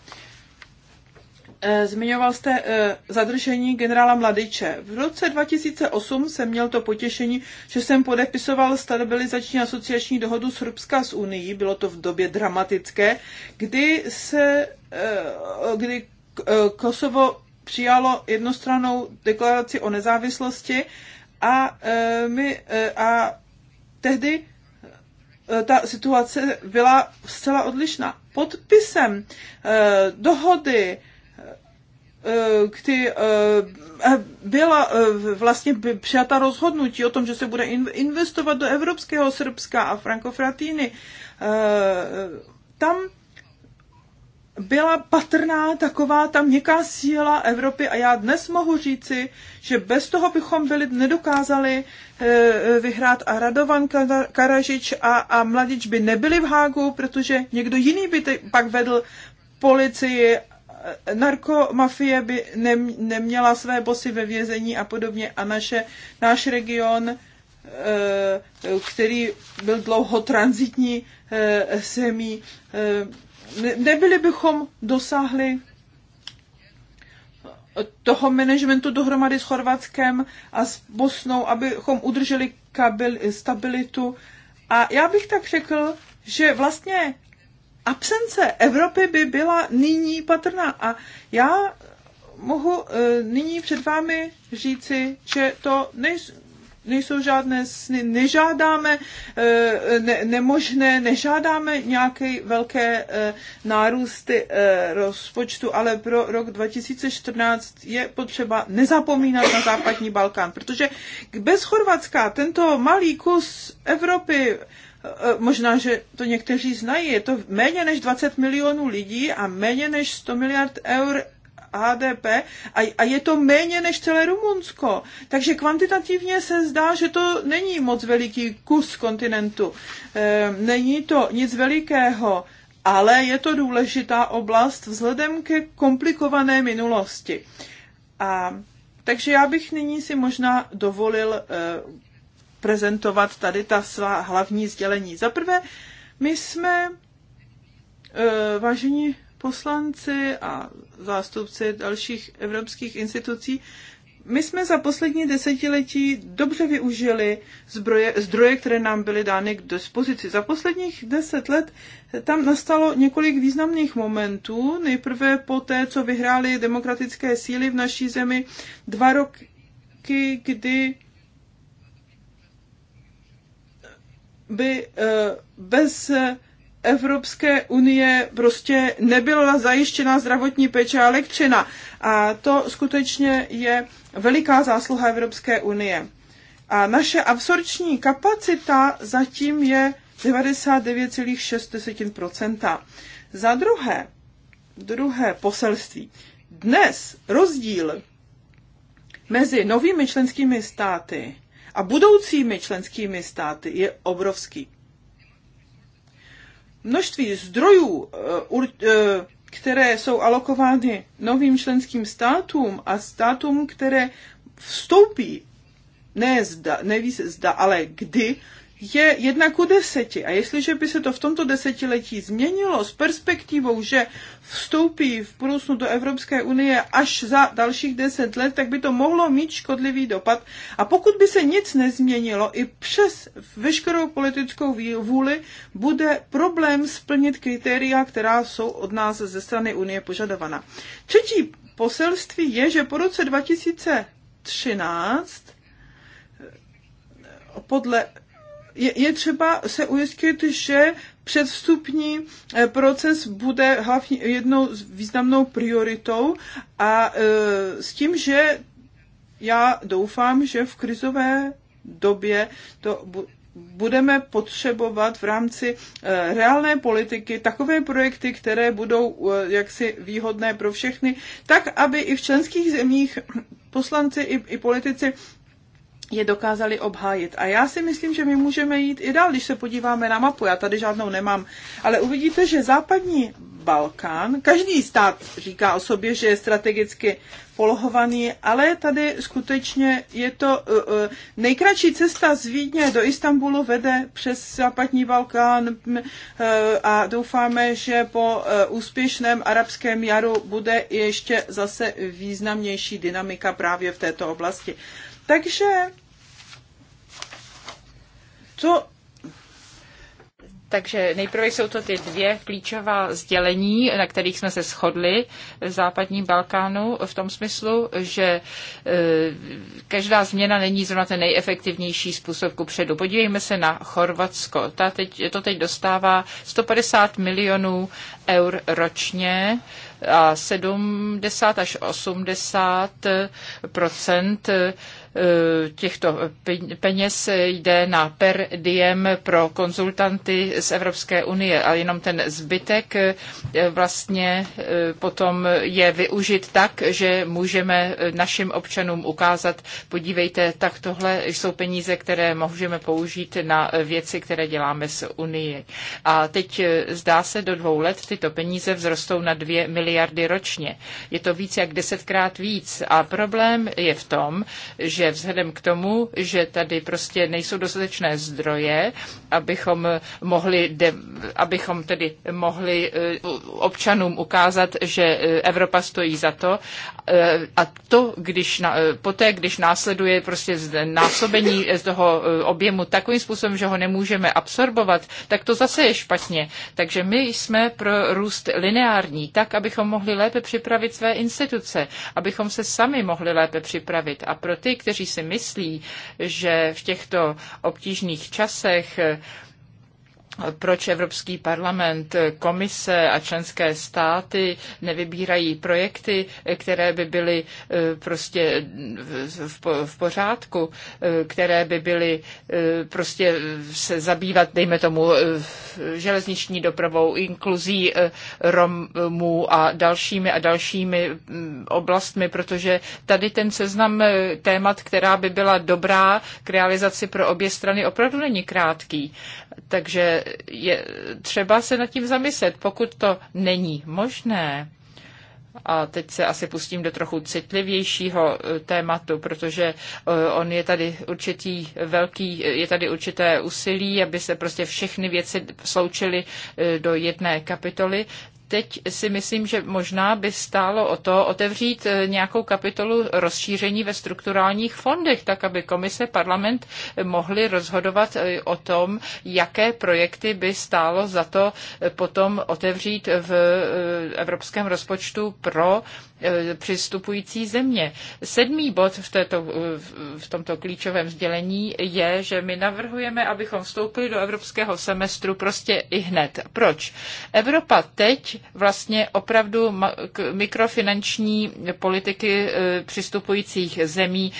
Eh, zmiňoval jste eh, zadržení generála Mladiče. V roce 2008 jsem měl to potěšení, že jsem podepisoval stabilizační asociační dohodu Srbska s Unii. Bylo to v době dramatické, kdy se eh, kdy Kosovo přijalo jednostranou deklaraci o nezávislosti a, e, my, e, a tehdy e, ta situace byla zcela odlišná. Podpisem dohody kdy byla vlastně přijata rozhodnutí o tom, že se bude investovat do evropského Srbska a Frankofratýny. Tam byla patrná taková ta měkká síla Evropy a já dnes mohu říci, že bez toho bychom byli nedokázali eh, eh, vyhrát a Radovan Karažič a, a Mladič by nebyli v Hágu, protože někdo jiný by te, pak vedl policii, eh, narkomafie by ne, neměla své bosy ve vězení a podobně a naše, náš region který byl dlouho transitní zemí, nebyli bychom dosáhli toho managementu dohromady s Chorvatskem a s Bosnou, abychom udrželi kabil, stabilitu. A já bych tak řekl, že vlastně absence Evropy by byla nyní patrná. A já mohu eh, nyní před vámi říci, že to nejsou nejsou žádné sny, nežádáme eh, ne, nemožné, nežádáme nějaké velké eh, nárůsty eh, rozpočtu, ale pro rok 2014 je potřeba nezapomínat na západní Balkán, protože bez Chorvatska tento malý kus Evropy možná, že to někteří znají, je to méně než 20 milionů lidí a méně než 100 miliard eur HDP a, a je to méně než celé Rumunsko. Takže kvantitativně se zdá, že to není moc veliký kus kontinentu. E, není to nic velikého, ale je to důležitá oblast vzhledem ke komplikované minulosti. A, takže já bych nyní si možná dovolil e, prezentovat tady ta svá hlavní sdělení. Za prvé, my jsme, e, vážení poslanci a zástupci dalších evropských institucí, my jsme za poslední desetiletí dobře využili zbroje, zdroje, které nám byly dány k dispozici. Za posledních deset let tam nastalo několik významných momentů. Nejprve po té, co vyhrály demokratické síly v naší zemi dva roky, kdy by eh, bez Evropské unie prostě nebyla zajištěna zdravotní péče a elektřina. A to skutečně je veliká zásluha Evropské unie. A naše absorční kapacita zatím je 99,6%. Za druhé, druhé poselství. Dnes rozdíl mezi novými členskými státy a budoucími členskými státy je obrovský množství zdrojů, eh, eh, které jsou alokovány novým členským státům a státům, které vstoupí, ne, zda, neví se zda, ale kdy je jedna ku deseti. A jestliže by se to v tomto desetiletí změnilo s perspektivou, že vstoupí v budoucnu do Evropské unie až za dalších deset let, tak by to mohlo mít škodlivý dopad. A pokud by se nic nezměnilo, i přes veškerou politickou vůli bude problém splnit kritéria, která jsou od nás ze strany unie požadovaná. Třetí poselství je, že po roce 2013 eh, podle je, je třeba se ujistit, že předvstupní eh, proces bude hlavně jednou významnou prioritou a eh, s tím, že já doufám, že v krizové době to budeme potřebovat v rámci eh, reálné politiky takové projekty, které budou jaksi výhodné pro všechny, tak aby i v členských zemích hm, poslanci i, i politici je dokázali obhájit. A já si myslím, že my můžeme jít i dál, když se podíváme na mapu. Já tady žádnou nemám. Ale uvidíte, že západní Balkán, každý stát říká o sobě, že je strategicky polohovaný, ale tady skutečně je to uh, uh, nejkratší cesta z Vídně do Istanbulu vede přes západní Balkán mm, uh, a doufáme, že po uh, úspěšném arabském jaru bude ještě zase významnější dynamika právě v této oblasti. Uh, takže co? takže nejprve jsou to ty dvě klíčová sdělení, na kterých jsme se shodli v západním Balkánu v tom smyslu, že e, každá změna není zrovna ten nejefektivnější způsob ku předu. Podívejme se na Chorvatsko. Ta teď, to teď dostává 150 milionů eur ročně a 70 až 80 procent Eh, těchto peněz jde na per diem pro konzultanty z Evropské unie a jenom ten zbytek eh, vlastně eh, potom je využit tak, že můžeme našim občanům ukázat, podívejte, tak tohle jsou peníze, které můžeme použít na věci, které děláme s Unii. A teď zdá se do dvou let tyto peníze vzrostou na dvě miliardy ročně. Je to víc jak desetkrát víc a problém je v tom, že vzhledem k tomu, že tady prostě nejsou dostatečné zdroje, abychom mohli, de, abychom tedy mohli eh, občanům ukázat, že eh, Evropa stojí za to Eh, a to, když na, eh, poté, když následuje prostě násobení z toho eh, objemu takovým způsobem, že ho nemůžeme absorbovat, tak to zase je špatně. Takže my jsme pro růst lineární, tak, abychom mohli lépe připravit své instituce, abychom se sami mohli lépe připravit. A pro ty, kteří si myslí, že v těchto obtížných časech proč Evropský parlament, komise a členské státy nevybírají projekty, které by byly eh, prostě v pořádku, eh, které by byly eh, prostě se zabývat, dejme tomu, železniční dopravou, inkluzí Romů a dalšími a dalšími mm, oblastmi, protože tady ten seznam témat, která by byla dobrá k realizaci pro obě strany, opravdu není krátký. Takže je třeba se nad tím zamyslet. Pokud to není možné, a teď se asi pustím do trochu citlivějšího eh, tématu, protože eh, on je tady určitý velký, eh, je tady určité úsilí, aby se prostě všechny věci sloučily do jedné kapitoly, teď si myslím, že možná by stálo o to otevřít eh, nějakou kapitolu rozšíření ve strukturálních fondech, tak aby komise, parlament mohli rozhodovat eh, o tom, jaké projekty by stálo za to eh, potom otevřít v evropském rozpočtu pro Eh, přistupující země. Sedmý bod v, této, eh, v tomto klíčovém sdělení je, že my navrhujeme, abychom vstoupili do evropského semestru prostě i hned. Proč? Evropa teď vlastně opravdu k mikrofinanční politiky eh, přistupujících zemí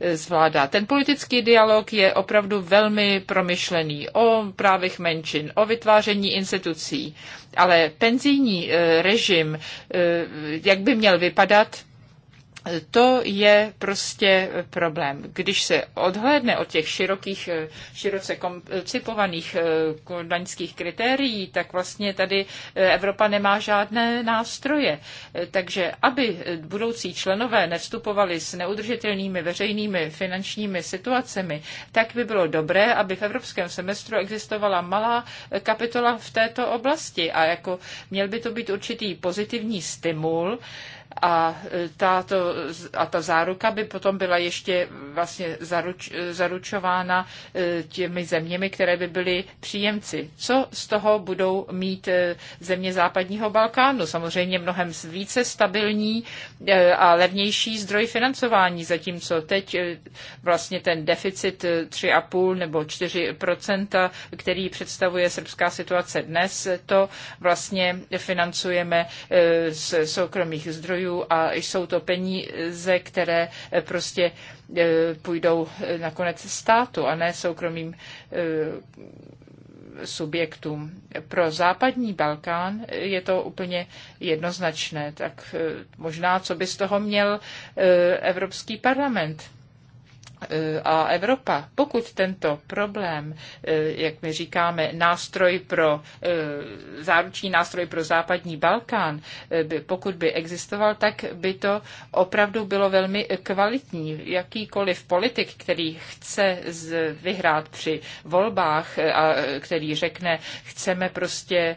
nezvládá. Ten politický dialog je opravdu velmi promyšlený o právech menšin, o vytváření institucí, ale penzijní eh, režim, eh, jak by měl vypadat, to je prostě problém. Když se odhledne od těch širokých, eh, široce koncipovaných eh, daňských kritérií, tak vlastně tady eh, Evropa nemá žádné nástroje. Takže aby budoucí členové nevstupovali s neudržitelnými veřejnými finančními situacemi, tak by bylo dobré, aby v evropském semestru existovala malá kapitola v této oblasti a jako měl by to být určitý pozitivní stimul, a, e, tato, a ta záruka by potom byla ještě vlastně zaruč, zaručována e, těmi zeměmi, které by byly příjemci. Co z toho budou mít e, země západního Balkánu? Samozřejmě mnohem více stabilní a levnější zdroj financování, zatímco teď vlastně ten deficit 3,5 nebo 4 který představuje srbská situace dnes, to vlastně financujeme z soukromých zdrojů zdrojů a jsou to peníze, které eh, prostě eh, půjdou eh, nakonec státu a ne soukromým subjektům. Pro západní Balkán je to úplně jednoznačné, tak možná, co by z toho měl Evropský parlament a Evropa, pokud tento problém, eh, jak my říkáme, nástroj pro, eh, záruční nástroj pro západní Balkán, eh, pokud by existoval, tak by to opravdu bylo velmi kvalitní. Jakýkoliv politik, který chce vyhrát při volbách a který řekne, chceme prostě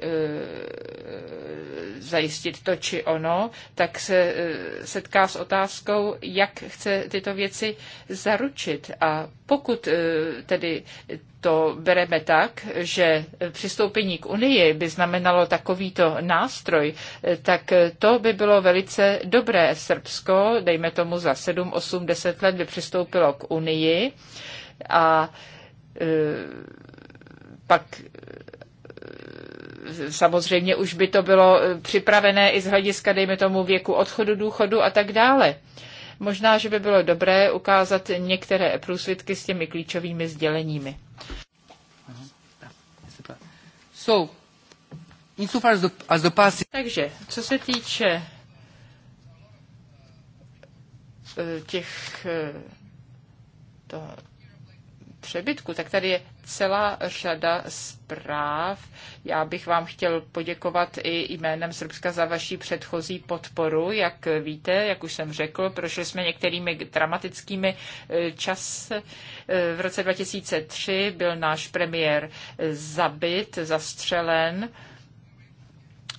Eh, zajistit to či ono, tak se eh, setká s otázkou, jak chce tyto věci zaručit. A pokud eh, tedy to bereme tak, že přistoupení k Unii by znamenalo takovýto nástroj, tak to by bylo velice dobré. Srbsko, dejme tomu za 7, 8, 10 let, by přistoupilo k Unii a pak samozřejmě už by to bylo eh, připravené i z hlediska, dejme tomu, věku odchodu důchodu a tak dále. Možná, že by bylo dobré ukázat některé průsvitky s těmi klíčovými sděleními. So, insofar as the, as the past... Takže, co se týče eh, těch eh, to přebytku, tak tady je celá řada zpráv. Já bych vám chtěl poděkovat i jménem Srbska za vaši předchozí podporu. Jak víte, jak už jsem řekl, prošli jsme některými dramatickými eh, čas. Eh, v roce 2003 byl náš premiér zabit, zastřelen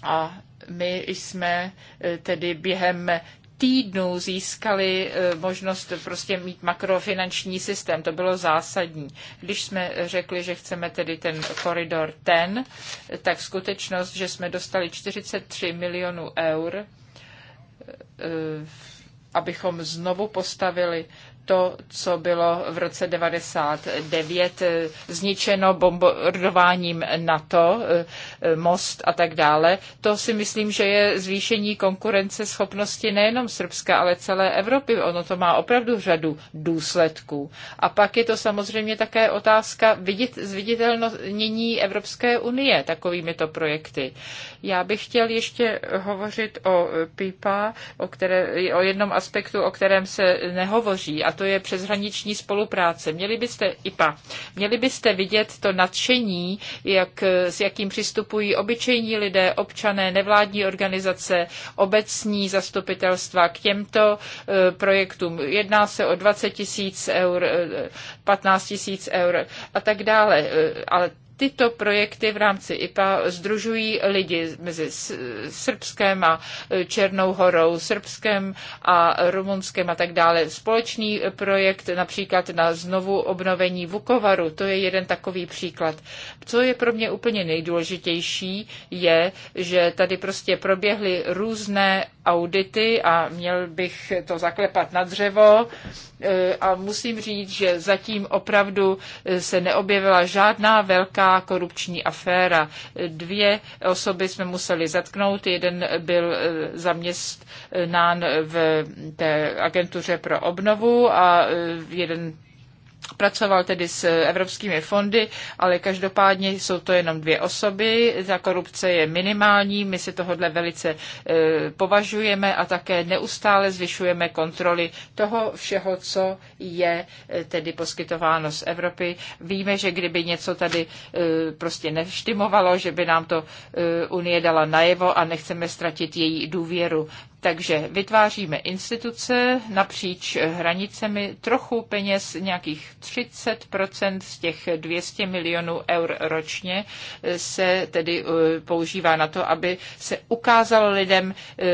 a my jsme eh, tedy během týdnů získali e, možnost prostě mít makrofinanční systém. To bylo zásadní. Když jsme řekli, že chceme tedy ten koridor ten, tak skutečnost, že jsme dostali 43 milionů eur, e, abychom znovu postavili to, co bylo v roce 99 eh, zničeno bombardováním NATO, eh, eh, most a tak dále. To si myslím, že je zvýšení konkurence schopnosti nejenom Srbska, ale celé Evropy. Ono to má opravdu řadu důsledků. A pak je to samozřejmě také otázka vidit, zviditelnění Evropské unie takovými to projekty. Já bych chtěl ještě hovořit o PIPA, o, které, o jednom aspektu, o kterém se nehovoří, a to je přeshraniční spolupráce. Měli byste, IPA, měli byste vidět to nadšení, jak, s jakým přistupují obyčejní lidé, občané, nevládní organizace, obecní zastupitelstva k těmto e, projektům. Jedná se o 20 tisíc eur, 15 e, tisíc eur a tak dále. E, ale tyto projekty v rámci IPA združují lidi mezi Srbskem a Černou horou, Srbskem a Rumunskem a tak dále. Společný projekt například na znovu obnovení Vukovaru, to je jeden takový příklad. Co je pro mě úplně nejdůležitější, je, že tady prostě proběhly různé audity a měl bych to zaklepat na dřevo eh, a musím říct, že zatím opravdu se neobjevila žádná velká korupční aféra. Dvě osoby jsme museli zatknout, jeden byl eh, zaměstnán v té agentuře pro obnovu a eh, jeden pracoval tedy s evropskými fondy, ale každopádně jsou to jenom dvě osoby. Ta korupce je minimální, my si tohodle velice e, považujeme a také neustále zvyšujeme kontroly toho všeho, co je e, tedy poskytováno z Evropy. Víme, že kdyby něco tady e, prostě neštimovalo, že by nám to Unie dala najevo a nechceme ztratit její důvěru. Takže vytváříme instituce napříč hranicemi, trochu peněz, nějakých 30% z těch 200 milionů eur ročně se tedy eh, používá na to, aby se ukázalo lidem, eh,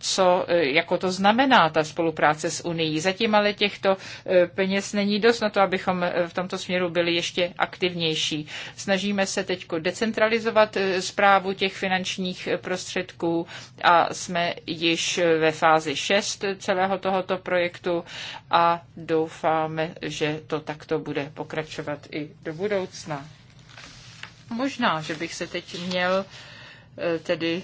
co eh, jako to znamená ta spolupráce s Unii. Zatím ale těchto peněz není dost na to, abychom v tomto směru byli ještě aktivnější. Snažíme se teď decentralizovat zprávu těch finančních prostředků a jsme již již ve fázi 6 celého tohoto projektu a doufáme, že to takto bude pokračovat i do budoucna. Možná, že bych se teď měl eh, tedy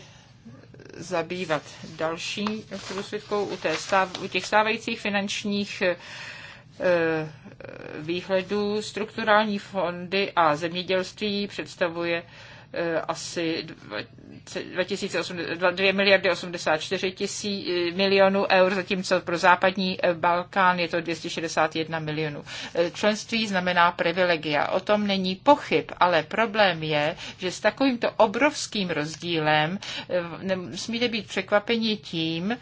zabývat další průsvědkou u, té stáv, u těch stávajících finančních eh, výhledů strukturální fondy a zemědělství představuje Eh, asi 2 miliardy 84 tisí, eh, milionů eur, zatímco pro západní eh, Balkán je to 261 milionů. Členství znamená privilegia. O tom není pochyb, ale problém je, že s takovýmto obrovským rozdílem smíte být překvapeni tím,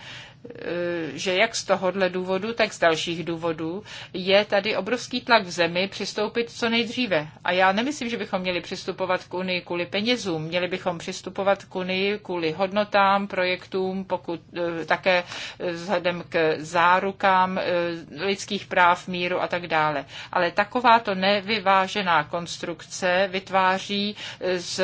Eh, že jak z tohohle důvodu, tak z dalších důvodů je tady obrovský tlak v zemi přistoupit co nejdříve. A já nemyslím, že bychom měli přistupovat k Unii kvůli penězům, měli bychom přistupovat k Unii kvůli hodnotám, projektům, pokud eh, také eh, vzhledem k zárukám lidských práv, míru a tak dále. Ale takováto nevyvážená konstrukce vytváří z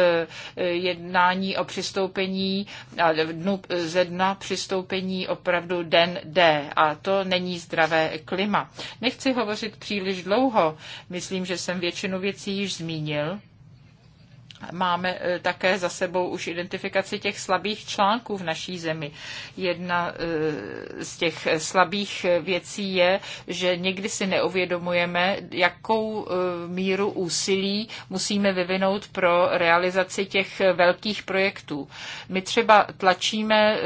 jednání o přistoupení, a dnu, ze dna přistoupení o opravdu den D a to není zdravé klima. Nechci hovořit příliš dlouho, myslím, že jsem většinu věcí již zmínil máme e, také za sebou už identifikaci těch slabých článků v naší zemi. Jedna e, z těch slabých věcí je, že někdy si neuvědomujeme, jakou e, míru úsilí musíme vyvinout pro realizaci těch velkých projektů. My třeba tlačíme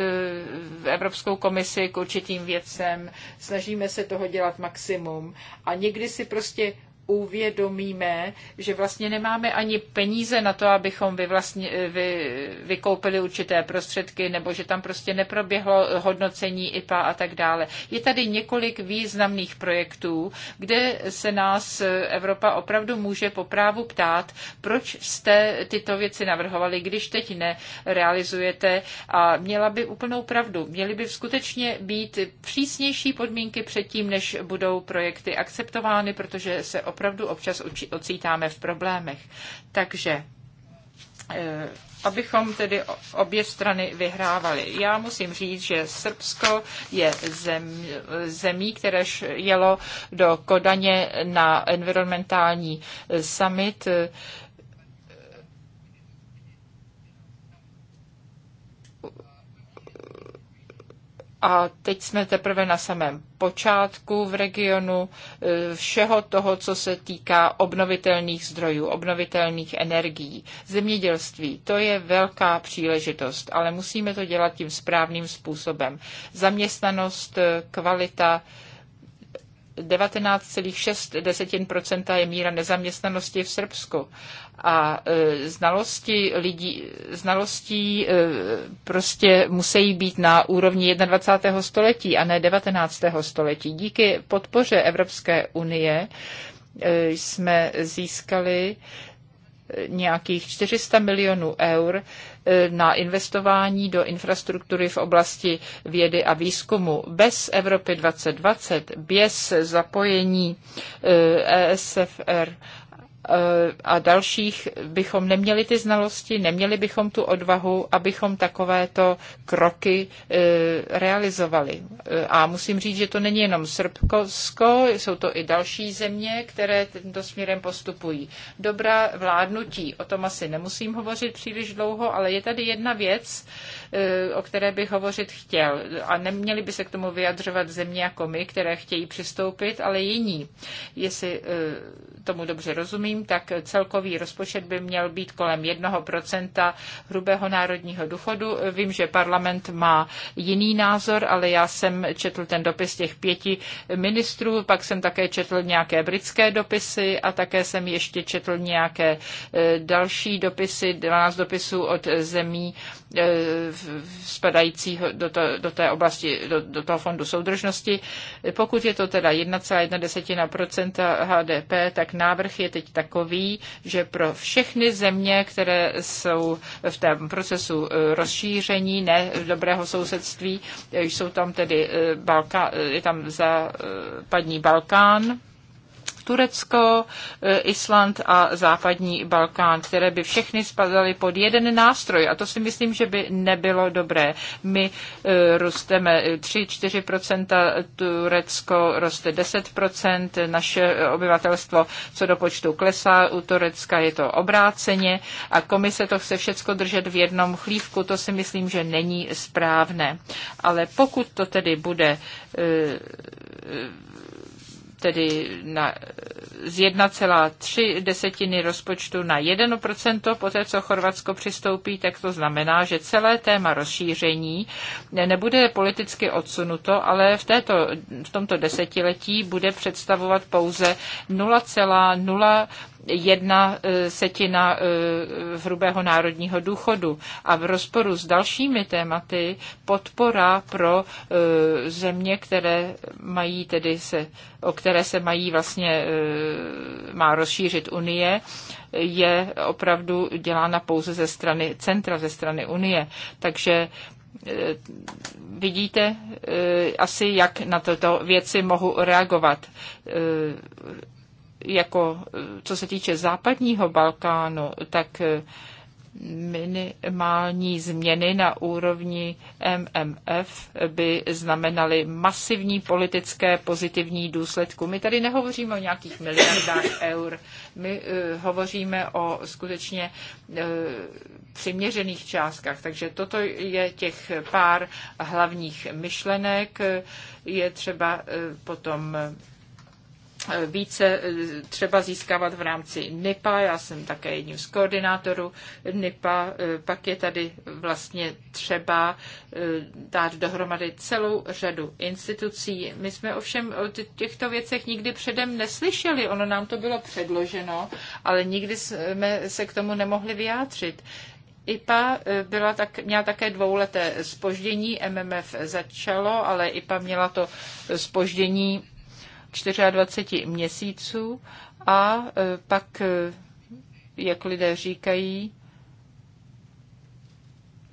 v Evropskou komisi k určitým věcem, snažíme se toho dělat maximum a někdy si prostě uvědomíme, že vlastně nemáme ani peníze na to, abychom vlastně, vy, vykoupili určité prostředky, nebo že tam prostě neproběhlo hodnocení IPA a tak dále. Je tady několik významných projektů, kde se nás Evropa opravdu může po právu ptát, proč jste tyto věci navrhovali, když teď nerealizujete a měla by úplnou pravdu. Měly by skutečně být přísnější podmínky předtím, než budou projekty akceptovány, protože se opravdu občas ocítáme v problémech. Takže eh, abychom tedy obě strany vyhrávali. Já musím říct, že Srbsko je zem, zemí, které jelo do Kodaně na environmentální summit eh, a teď jsme teprve na samém počátku v regionu e, všeho toho, co se týká obnovitelných zdrojů, obnovitelných energií. Zemědělství, to je velká příležitost, ale musíme to dělat tím správným způsobem. Zaměstnanost, e, kvalita, 19,6 je míra nezaměstnanosti v Srbsku. A e, znalosti lidí, znalostí e, prostě musí být na úrovni 21. století a ne 19. století. Díky podpoře Evropské unie e, jsme získali nějakých 400 milionů eur na investování do infrastruktury v oblasti vědy a výzkumu. Bez Evropy 2020, bez zapojení ESFR eh, e Eh, a dalších bychom neměli ty znalosti, neměli bychom tu odvahu, abychom takovéto kroky eh, realizovali. Eh, a musím říct, že to není jenom Srbsko, jsou to i další země, které tímto směrem postupují. Dobrá vládnutí, o tom asi nemusím hovořit příliš dlouho, ale je tady jedna věc, o které bych hovořit chtěl. A neměli by se k tomu vyjadřovat země jako my, které chtějí přistoupit, ale jiní. Jestli e, tomu dobře rozumím, tak celkový rozpočet by měl být kolem 1% hrubého národního důchodu. Vím, že parlament má jiný názor, ale já jsem četl ten dopis těch pěti ministrů, pak jsem také četl nějaké britské dopisy a také jsem ještě četl nějaké e, další dopisy, 12 dopisů od zemí E, spadajícího do, to, do té oblasti, do, do toho fondu soudržnosti. Pokud je to teda 1,1 HDP, tak návrh je teď takový, že pro všechny země, které jsou v tom procesu e, rozšíření, ne dobrého sousedství, e, jsou tam tedy Balka, je tam západní Balkán, Turecko, e, Island a západní Balkán, které by všechny spadaly pod jeden nástroj. A to si myslím, že by nebylo dobré. My e, rosteme 3-4%, Turecko roste 10%, naše obyvatelstvo co do počtu klesá, u Turecka je to obráceně a komise to chce všechno držet v jednom chlívku, to si myslím, že není správné. Ale pokud to tedy bude e, tedy na, z 1,3 desetiny rozpočtu na 1%, poté co Chorvatsko přistoupí, tak to znamená, že celé téma rozšíření nebude politicky odsunuto, ale v, této, v tomto desetiletí bude představovat pouze 0,0 jedna e, setina e, hrubého národního důchodu. A v rozporu s dalšími tématy podpora pro e, země, které mají tedy se, o které se mají vlastně, má rozšířit Unie, je opravdu dělána pouze ze strany centra, ze strany Unie. Takže vidíte asi, jak na tyto věci mohu reagovat jako co se týče západního Balkánu, tak minimální změny na úrovni MMF by znamenaly masivní politické pozitivní důsledku. My tady nehovoříme o nějakých miliardách eur, my uh, hovoříme o skutečně uh, přiměřených částkách. Takže toto je těch pár hlavních myšlenek. Je třeba uh, potom uh, více eh, třeba získávat v rámci NIPA, já jsem také jedním z koordinátorů NIPA, eh, pak je tady vlastně třeba eh, dát dohromady celou řadu institucí. My jsme ovšem o těchto věcech nikdy předem neslyšeli, ono nám to bylo předloženo, ale nikdy jsme se k tomu nemohli vyjádřit. IPA byla tak, měla také dvouleté spoždění, MMF začalo, ale IPA měla to spoždění 24 měsíců a e, pak, e, jak lidé říkají,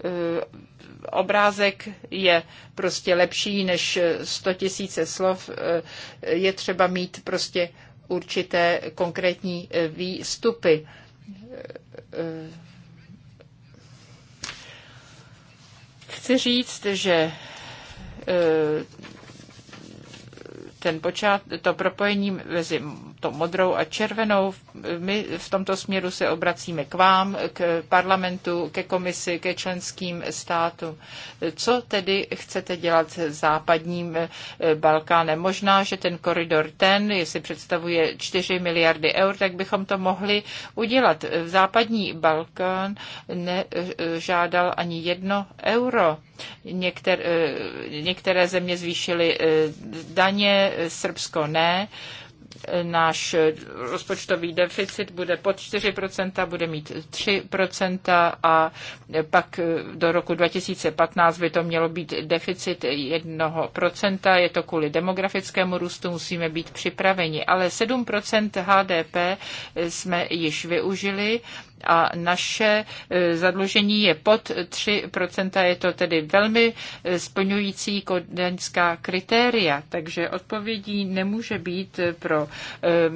e, obrázek je prostě lepší než 100 tisíce slov. Je třeba mít prostě určité konkrétní výstupy. Chci říct, že ten počát, to propojení mezi to modrou a červenou. My v tomto směru se obracíme k vám, k parlamentu, ke komisi, ke členským státům. Co tedy chcete dělat s západním eh, Balkánem? Možná, že ten koridor ten, jestli představuje 4 miliardy eur, tak bychom to mohli udělat. V západní Balkán nežádal ani jedno euro. Někter, eh, některé země zvýšily eh, daně, Srbsko ne náš rozpočtový deficit bude pod 4%, bude mít 3% a pak do roku 2015 by to mělo být deficit 1%. Je to kvůli demografickému růstu, musíme být připraveni. Ale 7% HDP jsme již využili a naše e, zadlužení je pod 3%, je to tedy velmi e, splňující kodaňská kritéria, takže odpovědí nemůže být e, pro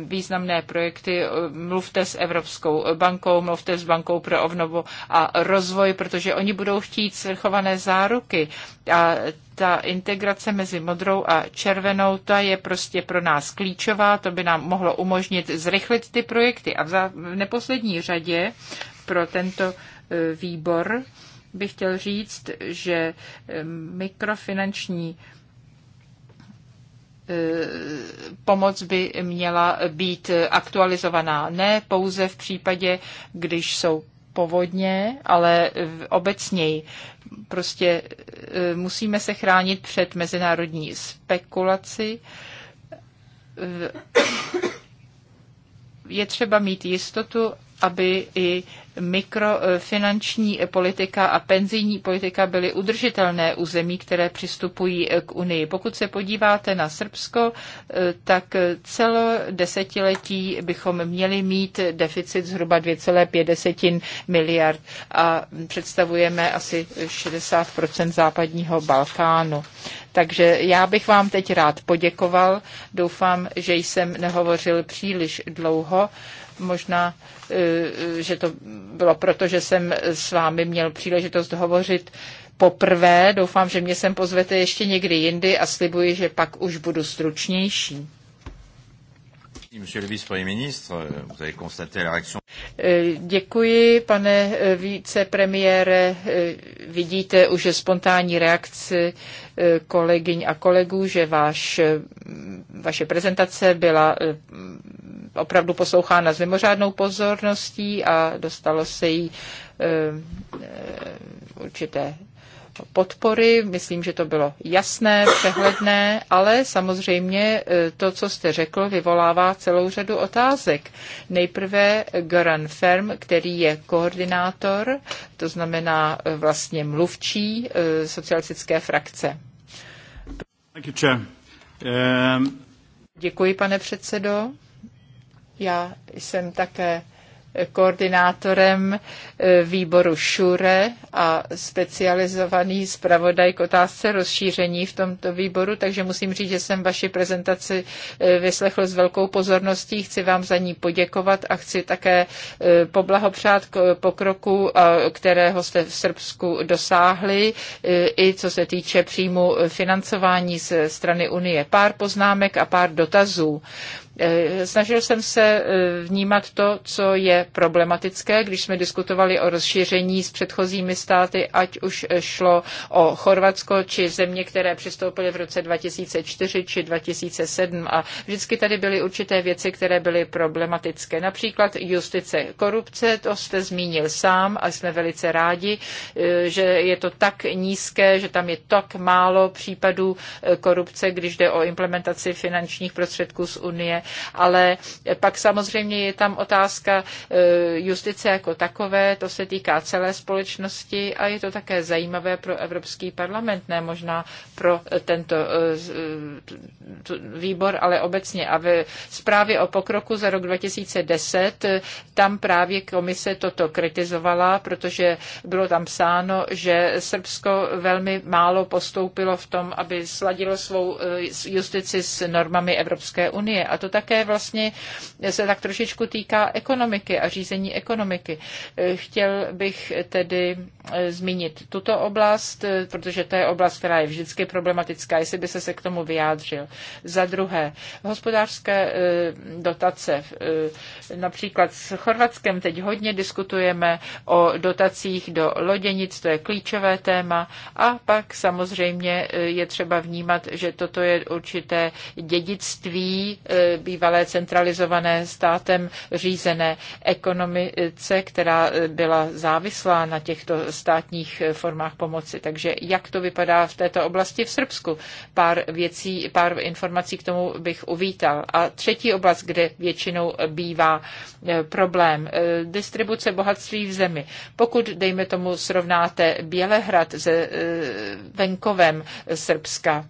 významné projekty mluvte s Evropskou bankou, mluvte s bankou pro obnovu a rozvoj, protože oni budou chtít svrchované záruky a ta integrace mezi modrou a červenou, ta je prostě pro nás klíčová, to by nám mohlo umožnit zrychlit ty projekty. A v neposlední řadě pro tento e, výbor bych chtěl říct, že e, mikrofinanční e, pomoc by měla být aktualizovaná ne pouze v případě, když jsou povodně, ale obecněji. Prostě eh, musíme se chránit před mezinárodní spekulaci. Je třeba mít jistotu, aby i mikrofinanční politika a penzijní politika byly udržitelné u zemí, které přistupují k Unii. Pokud se podíváte na Srbsko, tak celo desetiletí bychom měli mít deficit zhruba 2,5 miliard a představujeme asi 60 západního Balkánu. Takže já bych vám teď rád poděkoval. Doufám, že jsem nehovořil příliš dlouho. Možná, eh, že to bylo proto, že jsem s vámi měl příležitost hovořit poprvé. Doufám, že mě sem pozvete ještě někdy jindy a slibuji, že pak už budu stručnější. Eh, děkuji, pane eh, vicepremiére. Eh, vidíte už spontánní reakci kolegyň a kolegů, že váš, vaše prezentace byla opravdu poslouchána s mimořádnou pozorností a dostalo se jí určité podpory. Myslím, že to bylo jasné, přehledné, ale samozřejmě e, to, co jste řekl, vyvolává celou řadu otázek. Nejprve Goran Ferm, který je koordinátor, to znamená e, vlastně mluvčí e, socialistické frakce. Um, Děkuji, pane předsedo. Já jsem také koordinátorem e, výboru ŠURE a specializovaný zpravodaj k otázce rozšíření v tomto výboru, takže musím říct, že jsem vaši prezentaci e, vyslechl s velkou pozorností. Chci vám za ní poděkovat a chci také e, poblahopřát k pokroku, kterého jste v Srbsku dosáhli, i co se týče příjmu financování ze strany Unie. Pár poznámek a pár dotazů. Eh, snažil jsem se eh, vnímat to, co je problematické, když jsme diskutovali o rozšíření s předchozími státy, ať už eh, šlo o Chorvatsko či země, které přistoupily v roce 2004 či 2007. A vždycky tady byly určité věci, které byly problematické. Například justice korupce, to jste zmínil sám a jsme velice rádi, že je to tak nízké, že tam je tak málo případů korupce, když jde o implementaci finančních prostředků z Unie ale pak samozřejmě je tam otázka e, justice jako takové, to se týká celé společnosti a je to také zajímavé pro Evropský parlament, ne možná pro tento e, e, výbor, ale obecně. A ve zprávě o pokroku za rok 2010 tam právě komise toto kritizovala, protože bylo tam psáno, že Srbsko velmi málo postoupilo v tom, aby sladilo svou justici s normami Evropské unie. A to také vlastně se tak trošičku týká ekonomiky a řízení ekonomiky. Chtěl bych tedy eh, zmínit tuto oblast, eh, protože to je oblast, která je vždycky problematická, jestli by se se k tomu vyjádřil. Za druhé, hospodářské eh, dotace. Například s Chorvatskem teď hodně diskutujeme o dotacích do loděnic, to je klíčové téma. A pak samozřejmě je třeba vnímat, že toto je určité dědictví bývalé centralizované státem řízené ekonomice, která e, byla závislá na těchto státních e, formách pomoci. Takže jak to vypadá v této oblasti v Srbsku? Pár věcí, pár informací k tomu bych uvítal. A třetí oblast, kde většinou bývá e, problém, distribuce bohatství v zemi. Pokud, dejme tomu, srovnáte Bělehrad se venkovem Srbska,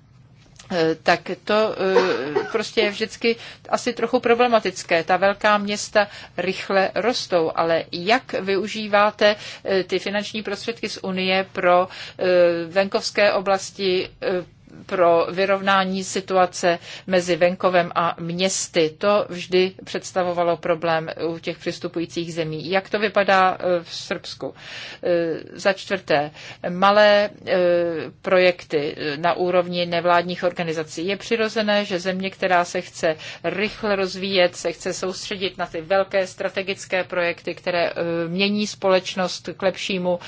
Eh, tak to eh, prostě je vždycky asi trochu problematické. Ta velká města rychle rostou, ale jak využíváte eh, ty finanční prostředky z Unie pro venkovské oblasti, pro vyrovnání situace mezi venkovem a městy. To vždy představovalo problém u těch přistupujících zemí. Jak to vypadá eh, v Srbsku? Eh, za čtvrté, malé eh, projekty na úrovni nevládních organizací. Je přirozené, že země, která se chce rychle rozvíjet, se chce soustředit na ty velké strategické projekty, které mění společnost k lepšímu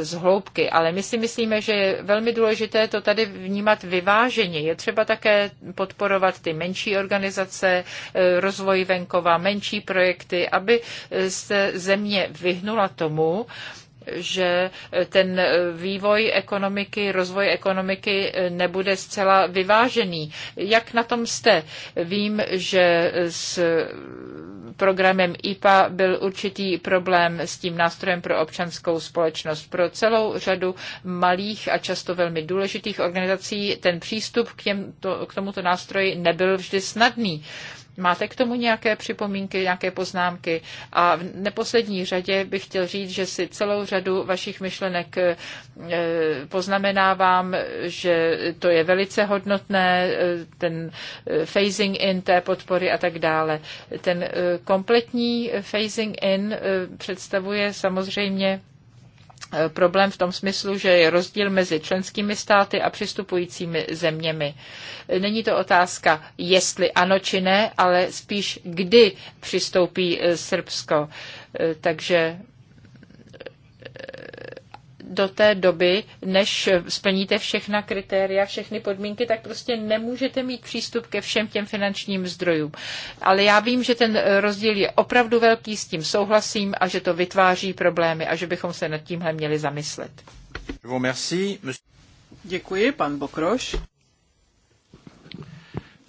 z hloubky. Ale my si myslíme, že je velmi důležité to tady vnímat dělat vyváženě. Je třeba také podporovat ty menší organizace, e, rozvoj venkova, menší projekty, aby se země vyhnula tomu, že ten vývoj ekonomiky, rozvoj ekonomiky nebude zcela vyvážený. Jak na tom jste? Vím, že s programem IPA byl určitý problém s tím nástrojem pro občanskou společnost. Pro celou řadu malých a často velmi důležitých organizací ten přístup k, těm, to, k tomuto nástroji nebyl vždy snadný. Uh, Máte k tomu nějaké připomínky, nějaké poznámky? A v neposlední řadě bych chtěl říct, že si celou řadu vašich myšlenek eh, poznamenávám, že to je velice hodnotné, eh, ten eh, phasing in té podpory a tak dále. Ten kompletní phasing in představuje samozřejmě Eh, problém v tom smyslu, že je rozdíl mezi členskými státy a přistupujícími zeměmi. Eh, není to otázka, jestli ano či ne, ale spíš kdy přistoupí eh, Srbsko. Takže do té doby, než splníte všechna kritéria, všechny podmínky, tak prostě nemůžete mít přístup ke všem těm finančním zdrojům. Ale já vím, že ten rozdíl je opravdu velký, s tím souhlasím a že to vytváří problémy a že bychom se nad tímhle měli zamyslet. Děkuji, pan Bokroš.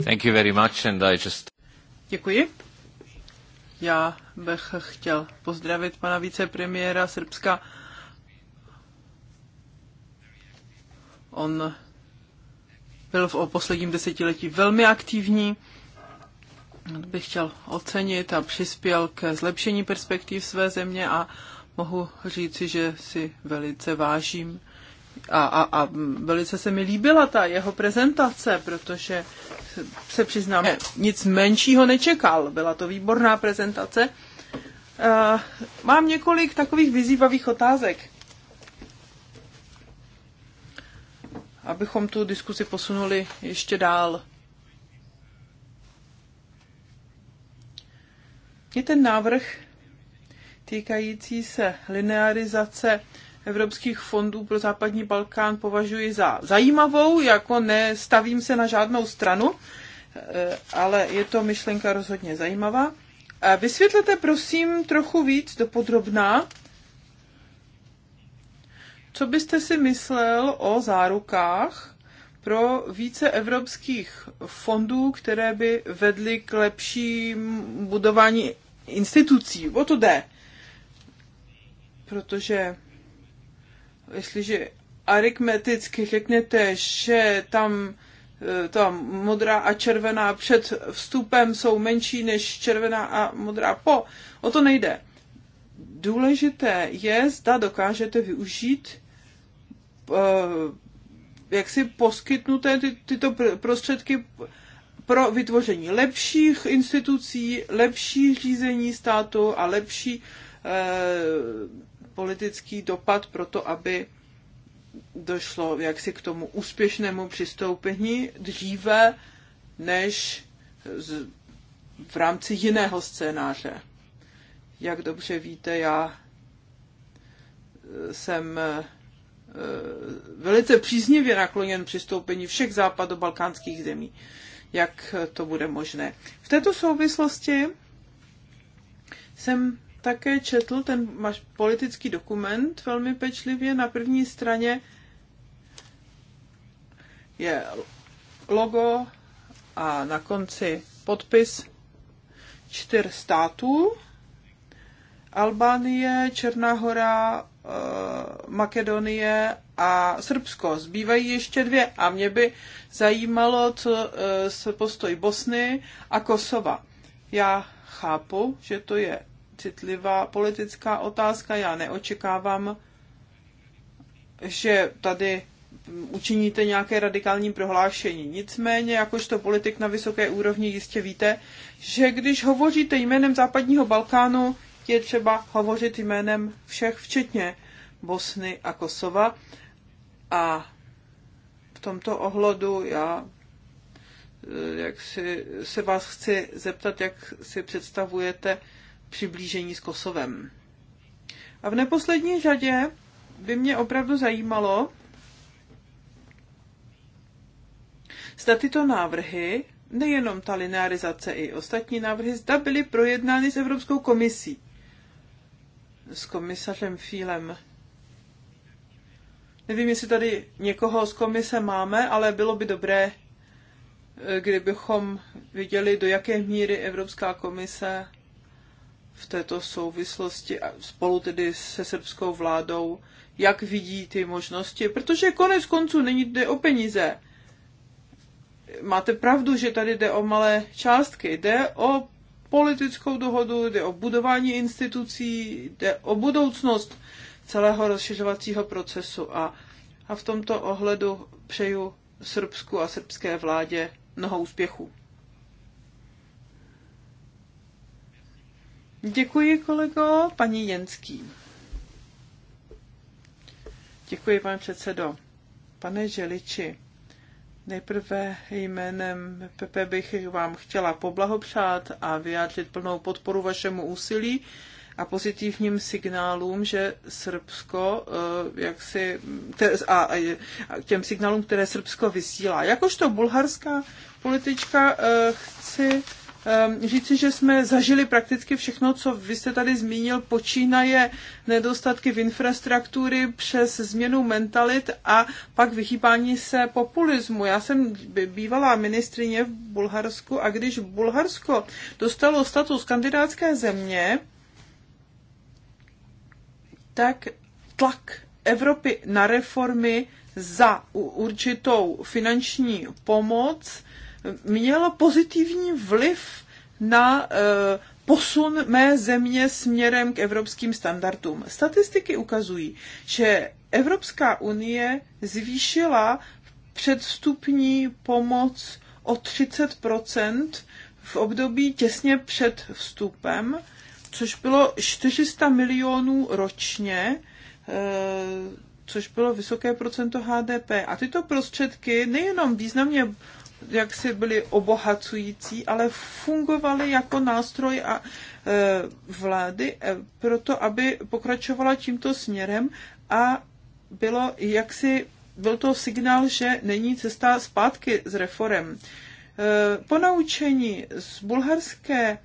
Thank you very much and I just... Děkuji. Já bych chtěl pozdravit pana vicepremiéra Srbska On byl v posledním desetiletí velmi aktivní, bych chtěl ocenit a přispěl ke zlepšení perspektiv své země a mohu říci, že si velice vážím a, a, a velice se mi líbila ta jeho prezentace, protože se přiznám, nic menšího nečekal. Byla to výborná prezentace. Uh, mám několik takových vyzývavých otázek. abychom tu diskusi posunuli ještě dál. Je ten návrh týkající se linearizace evropských fondů pro západní Balkán považuji za zajímavou, jako nestavím se na žádnou stranu, eh, ale je to myšlenka rozhodně zajímavá. Eh, vysvětlete prosím trochu víc podrobná. Co byste si myslel o zárukách pro více evropských fondů, které by vedly k lepším budování institucí? O to jde. Protože jestliže aritmeticky řeknete, že tam eh, ta modrá a červená před vstupem jsou menší než červená a modrá po. O to nejde. Důležité je, zda dokážete využít Eh, jak si poskytnuté ty, tyto prostředky pro vytvoření lepších institucí, lepší řízení státu a lepší eh, politický dopad pro to, aby došlo jaksi k tomu úspěšnému přistoupení dříve než z, v rámci jiného scénáře. Jak dobře víte, já eh, jsem Eh, velice příznivě nakloněn přistoupení všech západobalkánských zemí, jak eh, to bude možné. V této souvislosti jsem také četl ten politický dokument velmi pečlivě. Na první straně je logo a na konci podpis čtyř států. Albánie, Černá hora, Eh, Makedonie a Srbsko. Zbývají ještě dvě a mě by zajímalo, co eh, se postoj Bosny a Kosova. Já chápu, že to je citlivá politická otázka. Já neočekávám, že tady učiníte nějaké radikální prohlášení. Nicméně, jakožto politik na vysoké úrovni jistě víte, že když hovoříte jménem západního Balkánu, je třeba hovořit jménem všech, včetně Bosny a Kosova. A v tomto ohledu já eh, jak si, se vás chci zeptat, jak si představujete přiblížení s Kosovem. A v neposlední řadě by mě opravdu zajímalo, zda tyto návrhy, nejenom ta linearizace, i ostatní návrhy, zda byly projednány s Evropskou komisí s komisařem Fílem. Nevím, jestli tady někoho z komise máme, ale bylo by dobré, eh, kdybychom viděli, do jaké míry Evropská komise v této souvislosti spolu tedy se srbskou vládou, jak vidí ty možnosti, protože konec konců není jde o peníze. Máte pravdu, že tady jde o malé částky, jde o politickou dohodu, jde o budování institucí, jde o budoucnost celého rozšiřovacího procesu a, a v tomto ohledu přeju Srbsku a srbské vládě mnoho úspěchů. Děkuji, kolego. Paní Jenský. Děkuji, pane předsedo. Pane Želiči, Nejprve jménem PP bych vám chtěla poblahopřát a vyjádřit plnou podporu vašemu úsilí a pozitivním signálům, že Srbsko, eh, jak si, a, a těm signálům, které Srbsko vysílá. Jakožto bulharská politička eh, chci Ehm, říci, že jsme zažili prakticky všechno, co vy jste tady zmínil, počínaje nedostatky v infrastruktury přes změnu mentalit a pak vychýbání se populismu. Já jsem bývalá ministrině v Bulharsku a když Bulharsko dostalo status kandidátské země, tak tlak Evropy na reformy za určitou finanční pomoc měla pozitivní vliv na e, posun mé země směrem k evropským standardům. Statistiky ukazují, že Evropská unie zvýšila předstupní pomoc o 30 v období těsně před vstupem, což bylo 400 milionů ročně, e, což bylo vysoké procento HDP. A tyto prostředky nejenom významně jak si byly obohacující, ale fungovaly jako nástroj a e, vlády e, proto, aby pokračovala tímto směrem a bylo jaksi, byl to signál, že není cesta zpátky s reform. E, naučení z bulharské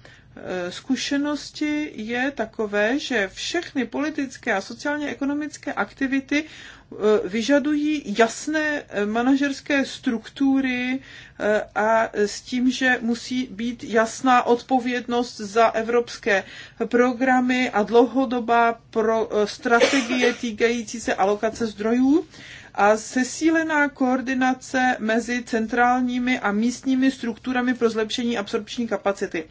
zkušenosti je takové, že všechny politické a sociálně-ekonomické aktivity Eh, vyžadují jasné eh, manažerské struktury eh, a s tím, že musí být jasná odpovědnost za evropské programy a dlouhodobá pro strategie týkající se alokace zdrojů a sesílená koordinace mezi centrálními a místními strukturami pro zlepšení absorpční kapacity.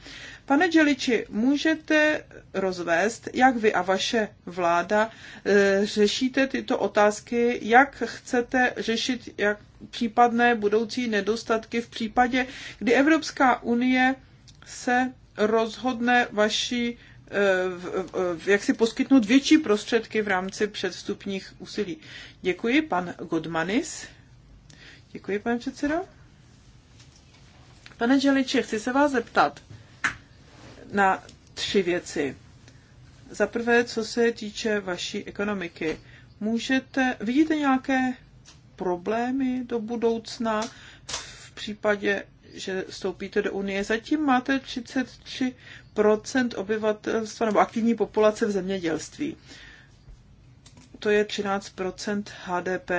Pane Dželiči, můžete rozvést, jak vy a vaše vláda eh, řešíte tyto otázky, jak chcete řešit jak případné budoucí nedostatky v případě, kdy Evropská unie se rozhodne vaší eh, jak si poskytnout větší prostředky v rámci předstupních úsilí. Děkuji, pan Godmanis. Děkuji, pane předsedo. Pane Želiči, chci se vás zeptat na tři věci. Za prvé, co se týče vaší ekonomiky. Můžete, vidíte nějaké problémy do budoucna v případě, že vstoupíte do Unie? Zatím máte 33 obyvatelstva nebo aktivní populace v zemědělství. To je 13 HDP.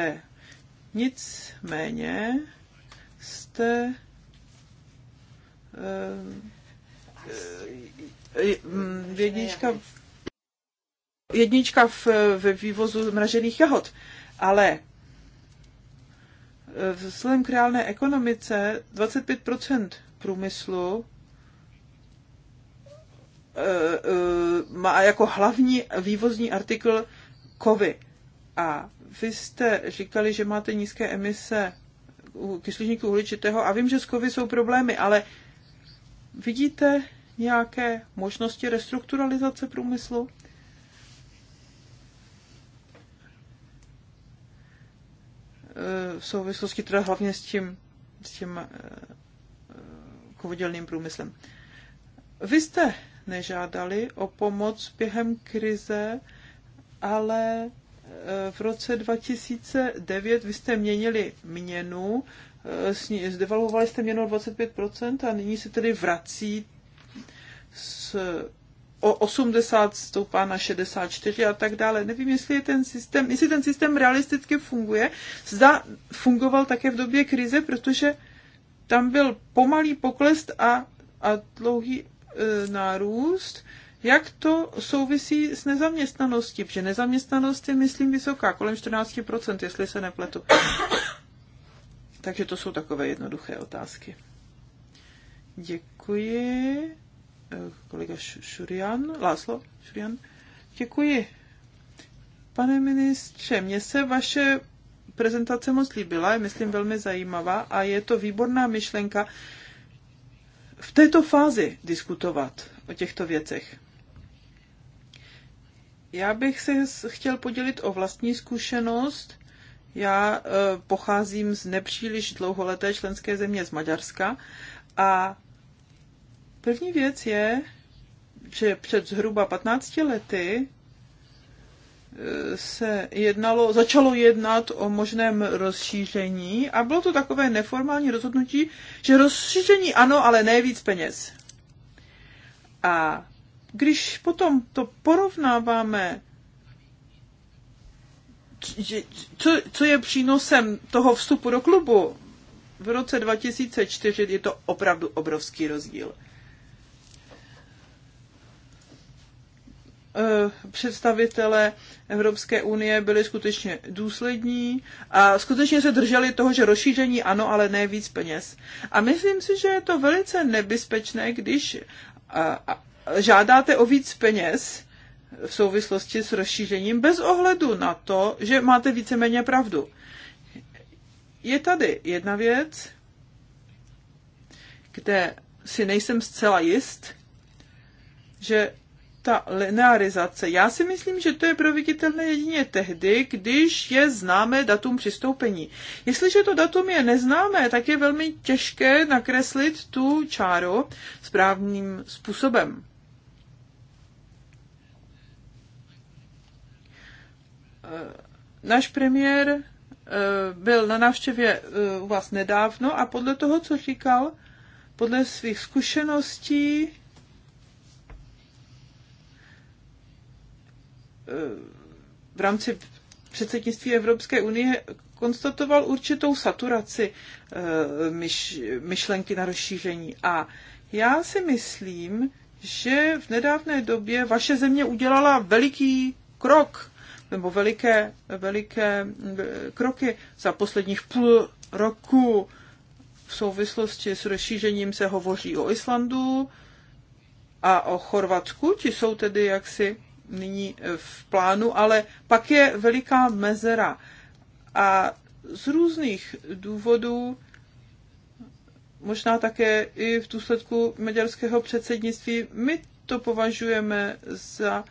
Nicméně jste eh, Eh, eh, mm, jednička, jednička v, ve vývozu mražených jahod. Ale eh, vzhledem k reálné ekonomice 25% průmyslu má jako hlavní vývozní artikl kovy. A vy jste říkali, že máte nízké emise kyslíčníku uhličitého a vím, že s kovy jsou problémy, ale Vidíte nějaké možnosti restrukturalizace průmyslu? V souvislosti teda hlavně s tím, s tím eh, kovodělným průmyslem. Vy jste nežádali o pomoc během krize, ale eh, v roce 2009 vy jste měnili měnu Eh, zdevalovali jste měno o 25% a nyní se tedy vrací s, o 80 stoupá na 64 a tak dále. Nevím, jestli je ten systém, jestli ten systém realisticky funguje. Zda fungoval také v době krize, protože tam byl pomalý pokles a, a dlouhý e, nárůst. Jak to souvisí s nezaměstnaností? Protože nezaměstnanost je, myslím, vysoká, kolem 14%, jestli se nepletu. Takže to jsou takové jednoduché otázky. Děkuji. Kolega Šurian, Láslo Šurian. Děkuji. Pane ministře, mně se vaše prezentace moc líbila, je myslím velmi zajímavá a je to výborná myšlenka v této fázi diskutovat o těchto věcech. Já bych se chtěl podělit o vlastní zkušenost já e, pocházím z nepříliš dlouholeté členské země z Maďarska a první věc je, že před zhruba 15 lety e, se jednalo, začalo jednat o možném rozšíření a bylo to takové neformální rozhodnutí, že rozšíření ano, ale ne víc peněz. A když potom to porovnáváme co, co je přínosem toho vstupu do klubu v roce 2004, je to opravdu obrovský rozdíl. Eh, představitelé Evropské unie byli skutečně důslední a skutečně se drželi toho, že rozšíření ano, ale ne víc peněz. A myslím si, že je to velice nebezpečné, když žádáte o víc peněz v souvislosti s rozšířením bez ohledu na to, že máte víceméně pravdu. Je tady jedna věc, kde si nejsem zcela jist, že ta linearizace. Já si myslím, že to je proveditelné jedině tehdy, když je známé datum přistoupení. Jestliže to datum je neznámé, tak je velmi těžké nakreslit tu čáru správným způsobem. Eh, náš premiér eh, byl na návštěvě eh, u vás nedávno a podle toho, co říkal, podle svých zkušeností v rámci předsednictví Evropské unie konstatoval určitou saturaci myš, myšlenky na rozšíření. A já si myslím, že v nedávné době vaše země udělala veliký krok nebo veliké, veliké eh, kroky za posledních půl roku v souvislosti s rozšířením se hovoří o Islandu a o Chorvatsku, ti jsou tedy jaksi nyní eh, v plánu, ale pak je veliká mezera. A z různých důvodů, možná také i v důsledku maďarského předsednictví, my to považujeme za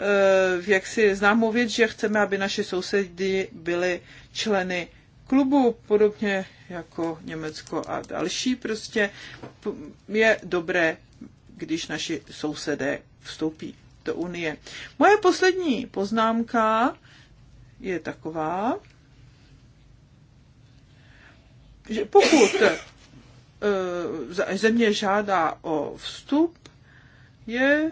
Eh, jak si známou věc, že chceme, aby naši sousedi byli členy klubu, podobně jako Německo a další. Prostě je dobré, když naši sousedé vstoupí do Unie. Moje poslední poznámka je taková, že pokud eh, země žádá o vstup, je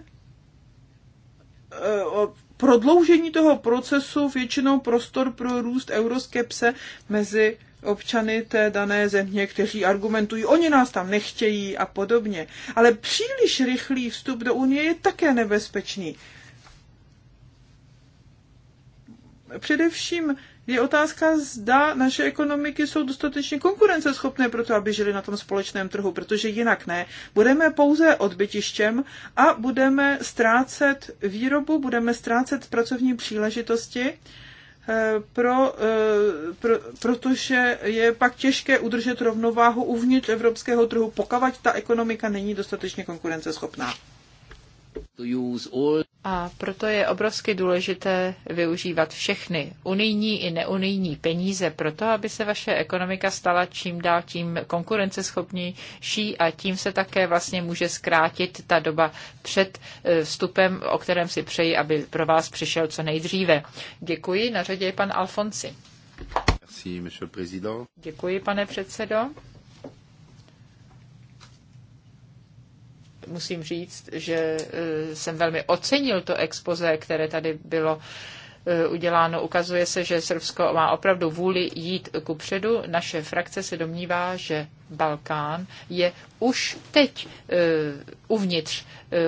o prodloužení toho procesu většinou prostor pro růst euroskepse mezi občany té dané země, kteří argumentují, oni nás tam nechtějí a podobně. Ale příliš rychlý vstup do Unie je také nebezpečný. Především je otázka, zda naše ekonomiky jsou dostatečně konkurenceschopné pro to, aby žili na tom společném trhu, protože jinak ne. Budeme pouze odbytištěm a budeme ztrácet výrobu, budeme ztrácet pracovní příležitosti, eh, pro, eh, pro, protože je pak těžké udržet rovnováhu uvnitř evropského trhu, pokud ta ekonomika není dostatečně konkurenceschopná. A proto je obrovsky důležité využívat všechny unijní i neunijní peníze proto, aby se vaše ekonomika stala čím dál tím konkurenceschopnější a tím se také vlastně může zkrátit ta doba před e, vstupem, o kterém si přeji, aby pro vás přišel co nejdříve. Děkuji. Na řadě je pan Alfonsi. Děkuji, pane předsedo. musím říct, že e, jsem velmi ocenil to expoze, které tady bylo e, uděláno. Ukazuje se, že Srbsko má opravdu vůli jít ku předu. Naše frakce se domnívá, že Balkán je už teď e, uvnitř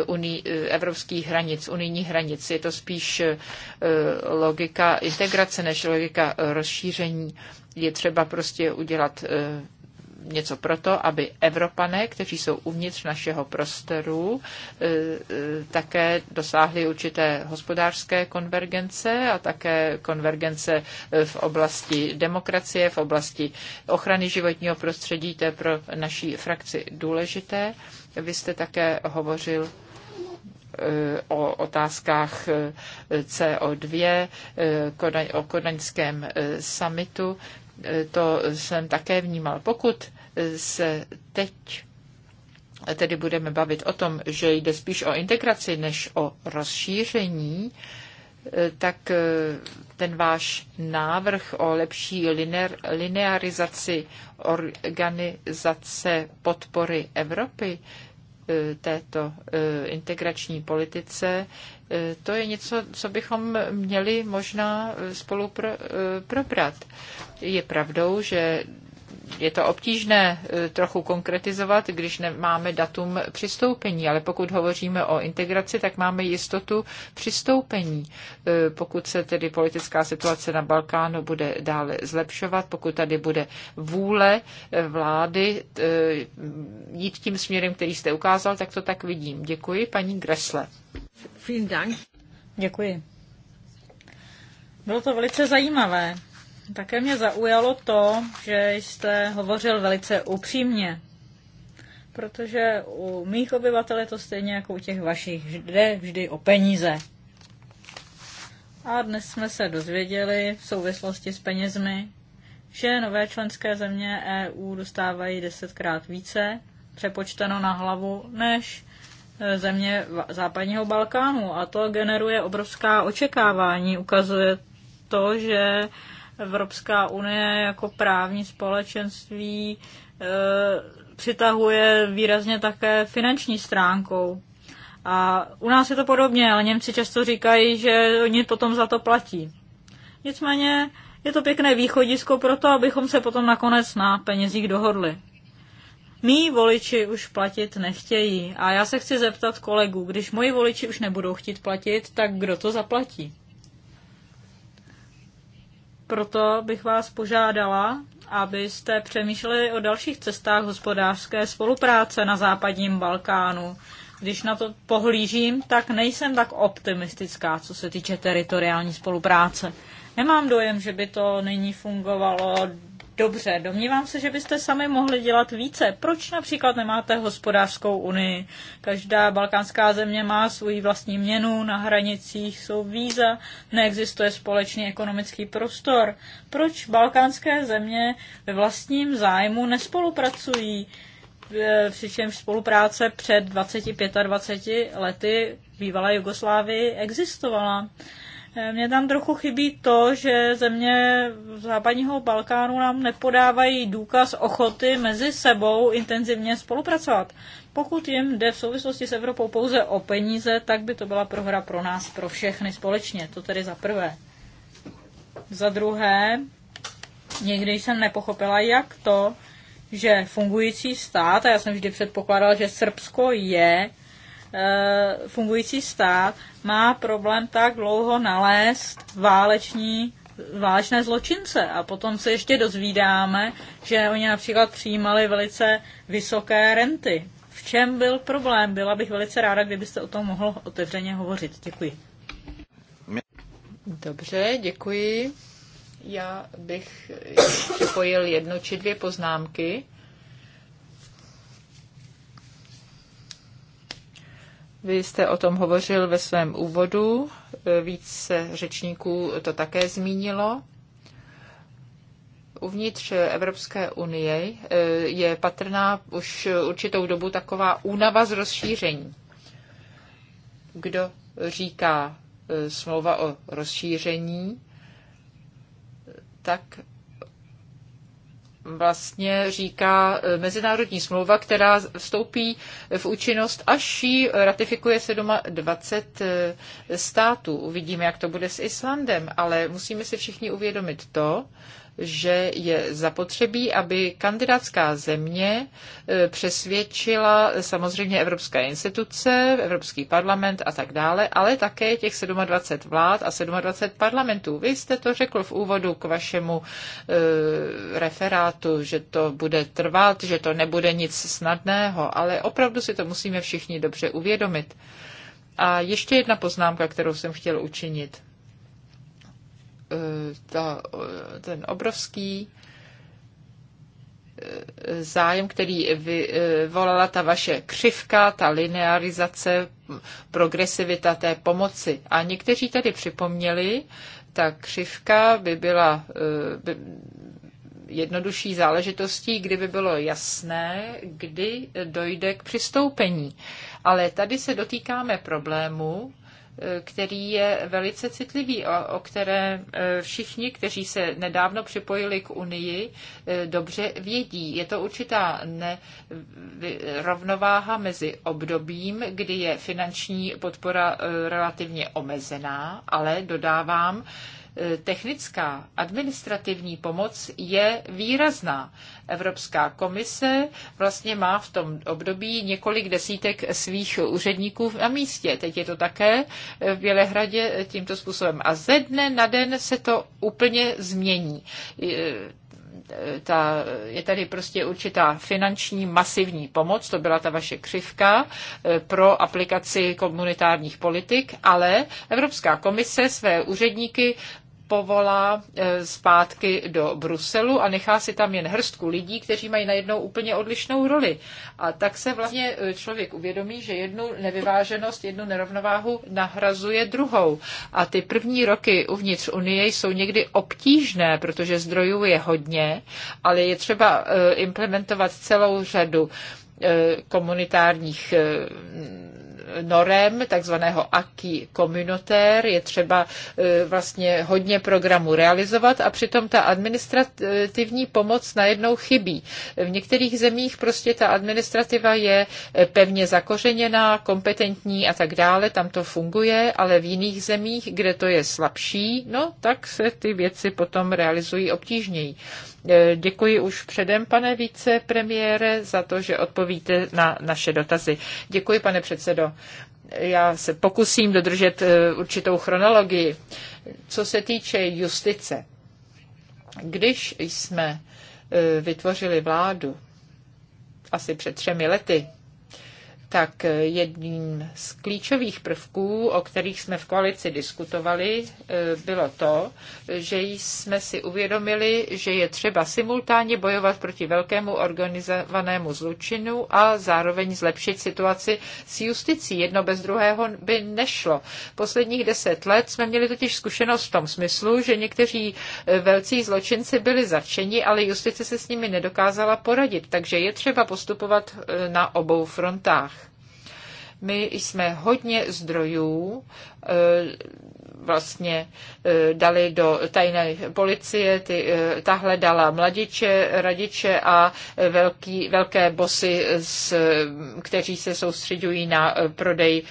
unii, evropských hranic, unijních hranic. Je to spíš logika integrace než logika rozšíření. Je třeba prostě udělat něco proto, aby Evropané, kteří jsou uvnitř našeho prostoru, e, e, také dosáhli určité hospodářské konvergence a také konvergence v oblasti demokracie, v oblasti ochrany životního prostředí. To je pro naší frakci důležité. Vy jste také hovořil e, o otázkách CO2, o kodaňském summitu to jsem také vnímal. Pokud se teď tedy budeme bavit o tom, že jde spíš o integraci než o rozšíření, eh, tak eh, ten váš návrh o lepší linear, linearizaci organizace podpory Evropy, E, této e, integrační politice, e, to je něco, co bychom měli možná spolu probrat. Je pravdou, že je to obtížné eh, trochu konkretizovat, když nemáme datum přistoupení, ale pokud hovoříme o integraci, tak máme jistotu přistoupení. Eh, pokud se tedy politická situace na Balkánu bude dále zlepšovat, pokud tady bude vůle eh, vlády jít tím směrem, který jste ukázal, tak to tak vidím. Děkuji, paní Gresle. Děkuji. Bylo to velice zajímavé. Také mě zaujalo to, že jste hovořil velice upřímně, protože u mých obyvatel je to stejně jako u těch vašich, jde vždy o peníze. A dnes jsme se dozvěděli v souvislosti s penězmi, že nové členské země EU dostávají desetkrát více, přepočteno na hlavu, než e, země západního Balkánu. A to generuje obrovská očekávání. Ukazuje to, že Evropská unie jako právní společenství eh, přitahuje výrazně také finanční stránkou. A u nás je to podobně, ale Němci často říkají, že oni potom za to platí. Nicméně je to pěkné východisko pro to, abychom se potom nakonec na penězích dohodli. Mí voliči už platit nechtějí a já se chci zeptat kolegů, když moji voliči už nebudou chtít platit, tak kdo to zaplatí? Proto bych vás požádala, abyste přemýšleli o dalších cestách hospodářské spolupráce na západním Balkánu. Když na to pohlížím, tak nejsem tak optimistická, co se týče teritoriální spolupráce. Nemám dojem, že by to nyní fungovalo dobře. Domnívám se, že byste sami mohli dělat více. Proč například nemáte hospodářskou unii? Každá balkánská země má svůj vlastní měnu, na hranicích jsou víza, neexistuje společný ekonomický prostor. Proč balkánské země ve vlastním zájmu nespolupracují? E, přičemž spolupráce před 20-25 lety bývalé Jugoslávii existovala. Mně tam trochu chybí to, že země západního Balkánu nám nepodávají důkaz ochoty mezi sebou intenzivně spolupracovat. Pokud jim jde v souvislosti s Evropou pouze o peníze, tak by to byla prohra pro nás, pro všechny společně. To tedy za prvé. Za druhé, někdy jsem nepochopila, jak to, že fungující stát, a já jsem vždy předpokládala, že Srbsko je Eh, fungující stát má problém tak dlouho nalézt váleční válečné zločince. A potom se ještě dozvídáme, že oni například přijímali velice vysoké renty. V čem byl problém? Byla bych velice ráda, kdybyste o tom mohl otevřeně hovořit. Děkuji. Dobře, děkuji. Já bych připojil jedno či dvě poznámky. Vy jste o tom hovořil ve svém úvodu, více řečníků to také zmínilo. Uvnitř Evropské unie eh, je patrná už určitou dobu taková únava z rozšíření. Kdo říká eh, smlouva o rozšíření, tak vlastně říká eh, mezinárodní smlouva, která vstoupí v účinnost, až ji ratifikuje 27 eh, států. Uvidíme, jak to bude s Islandem, ale musíme si všichni uvědomit to, že je zapotřebí, aby kandidátská země e, přesvědčila samozřejmě evropské instituce, Evropský parlament a tak dále, ale také těch 27 vlád a 27 parlamentů. Vy jste to řekl v úvodu k vašemu e, referátu, že to bude trvat, že to nebude nic snadného, ale opravdu si to musíme všichni dobře uvědomit. A ještě jedna poznámka, kterou jsem chtěl učinit. Eh, ta, eh, ten obrovský eh, zájem, který vyvolala ta vaše křivka, ta linearizace, progresivita té pomoci. A někteří tady připomněli, ta křivka by byla by jednodušší záležitostí, kdyby bylo jasné, kdy dojde k přistoupení. Ale tady se dotýkáme problému, který je velice citlivý a o kterém e, všichni, kteří se nedávno připojili k Unii, e, dobře vědí. Je to určitá ne- rovnováha mezi obdobím, kdy je finanční podpora e, relativně omezená, ale dodávám, technická administrativní pomoc je výrazná. Evropská komise vlastně má v tom období několik desítek svých úředníků na místě. Teď je to také v Bělehradě tímto způsobem. A ze dne na den se to úplně změní ta, je tady prostě určitá finanční masivní pomoc, to byla ta vaše křivka eh, pro aplikaci komunitárních politik, ale Evropská komise své úředníky povolá e, zpátky do Bruselu a nechá si tam jen hrstku lidí, kteří mají najednou úplně odlišnou roli. A tak se vlastně e, člověk uvědomí, že jednu nevyváženost, jednu nerovnováhu nahrazuje druhou. A ty první roky uvnitř Unie jsou někdy obtížné, protože zdrojů je hodně, ale je třeba e, implementovat celou řadu E, komunitárních e, norem, takzvaného AKI komunitér. Je třeba e, vlastně hodně programů realizovat a přitom ta administrativní pomoc najednou chybí. V některých zemích prostě ta administrativa je pevně zakořeněná, kompetentní a tak dále, tam to funguje, ale v jiných zemích, kde to je slabší, no tak se ty věci potom realizují obtížněji. E, děkuji už předem, pane vicepremiére, za to, že odpovíte na naše dotazy. Děkuji, pane předsedo. Já se pokusím dodržet e, určitou chronologii. Co se týče justice, když jsme e, vytvořili vládu asi před třemi lety, tak jedním z klíčových prvků, o kterých jsme v koalici diskutovali, eh, bylo to, že jsme si uvědomili, že je třeba simultánně bojovat proti velkému organizovanému zločinu a zároveň zlepšit situaci s justicí. Jedno bez druhého by nešlo. Posledních deset let jsme měli totiž zkušenost v tom smyslu, že někteří eh, velcí zločinci byli zatčeni, ale justice se s nimi nedokázala poradit, takže je třeba postupovat eh, na obou frontách. My jsme hodně zdrojů eh, vlastně eh, dali do tajné policie, ty, eh, tahle dala mladiče, radiče a velký, velké bosy, kteří se soustředují na prodej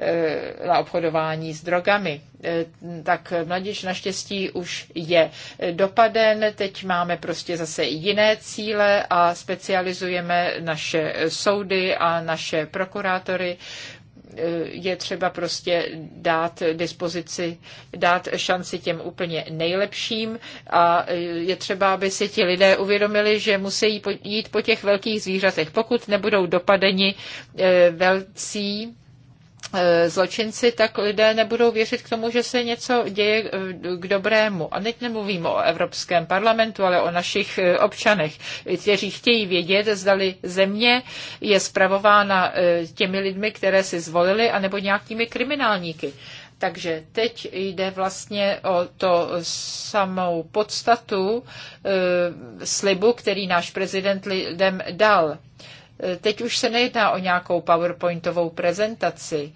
Eh, na obchodování s drogami. Eh, tak mladíž naštěstí už je dopaden. Teď máme prostě zase jiné cíle a specializujeme naše soudy a naše prokurátory eh, je třeba prostě dát dispozici, dát šanci těm úplně nejlepším a je třeba, aby si ti lidé uvědomili, že musí jít po těch velkých zvířatech. Pokud nebudou dopadeni velcí, Eh, zločinci, tak lidé nebudou věřit k tomu, že se něco děje eh, k dobrému. A teď nemluvím o Evropském parlamentu, ale o našich eh, občanech, kteří chtějí vědět, zdali země je spravována těmi lidmi, které si zvolili, anebo nějakými kriminálníky. Takže teď jde vlastně o to samou podstatu slibu, který náš prezident lidem dal. Teď už se nejedná o nějakou PowerPointovou prezentaci.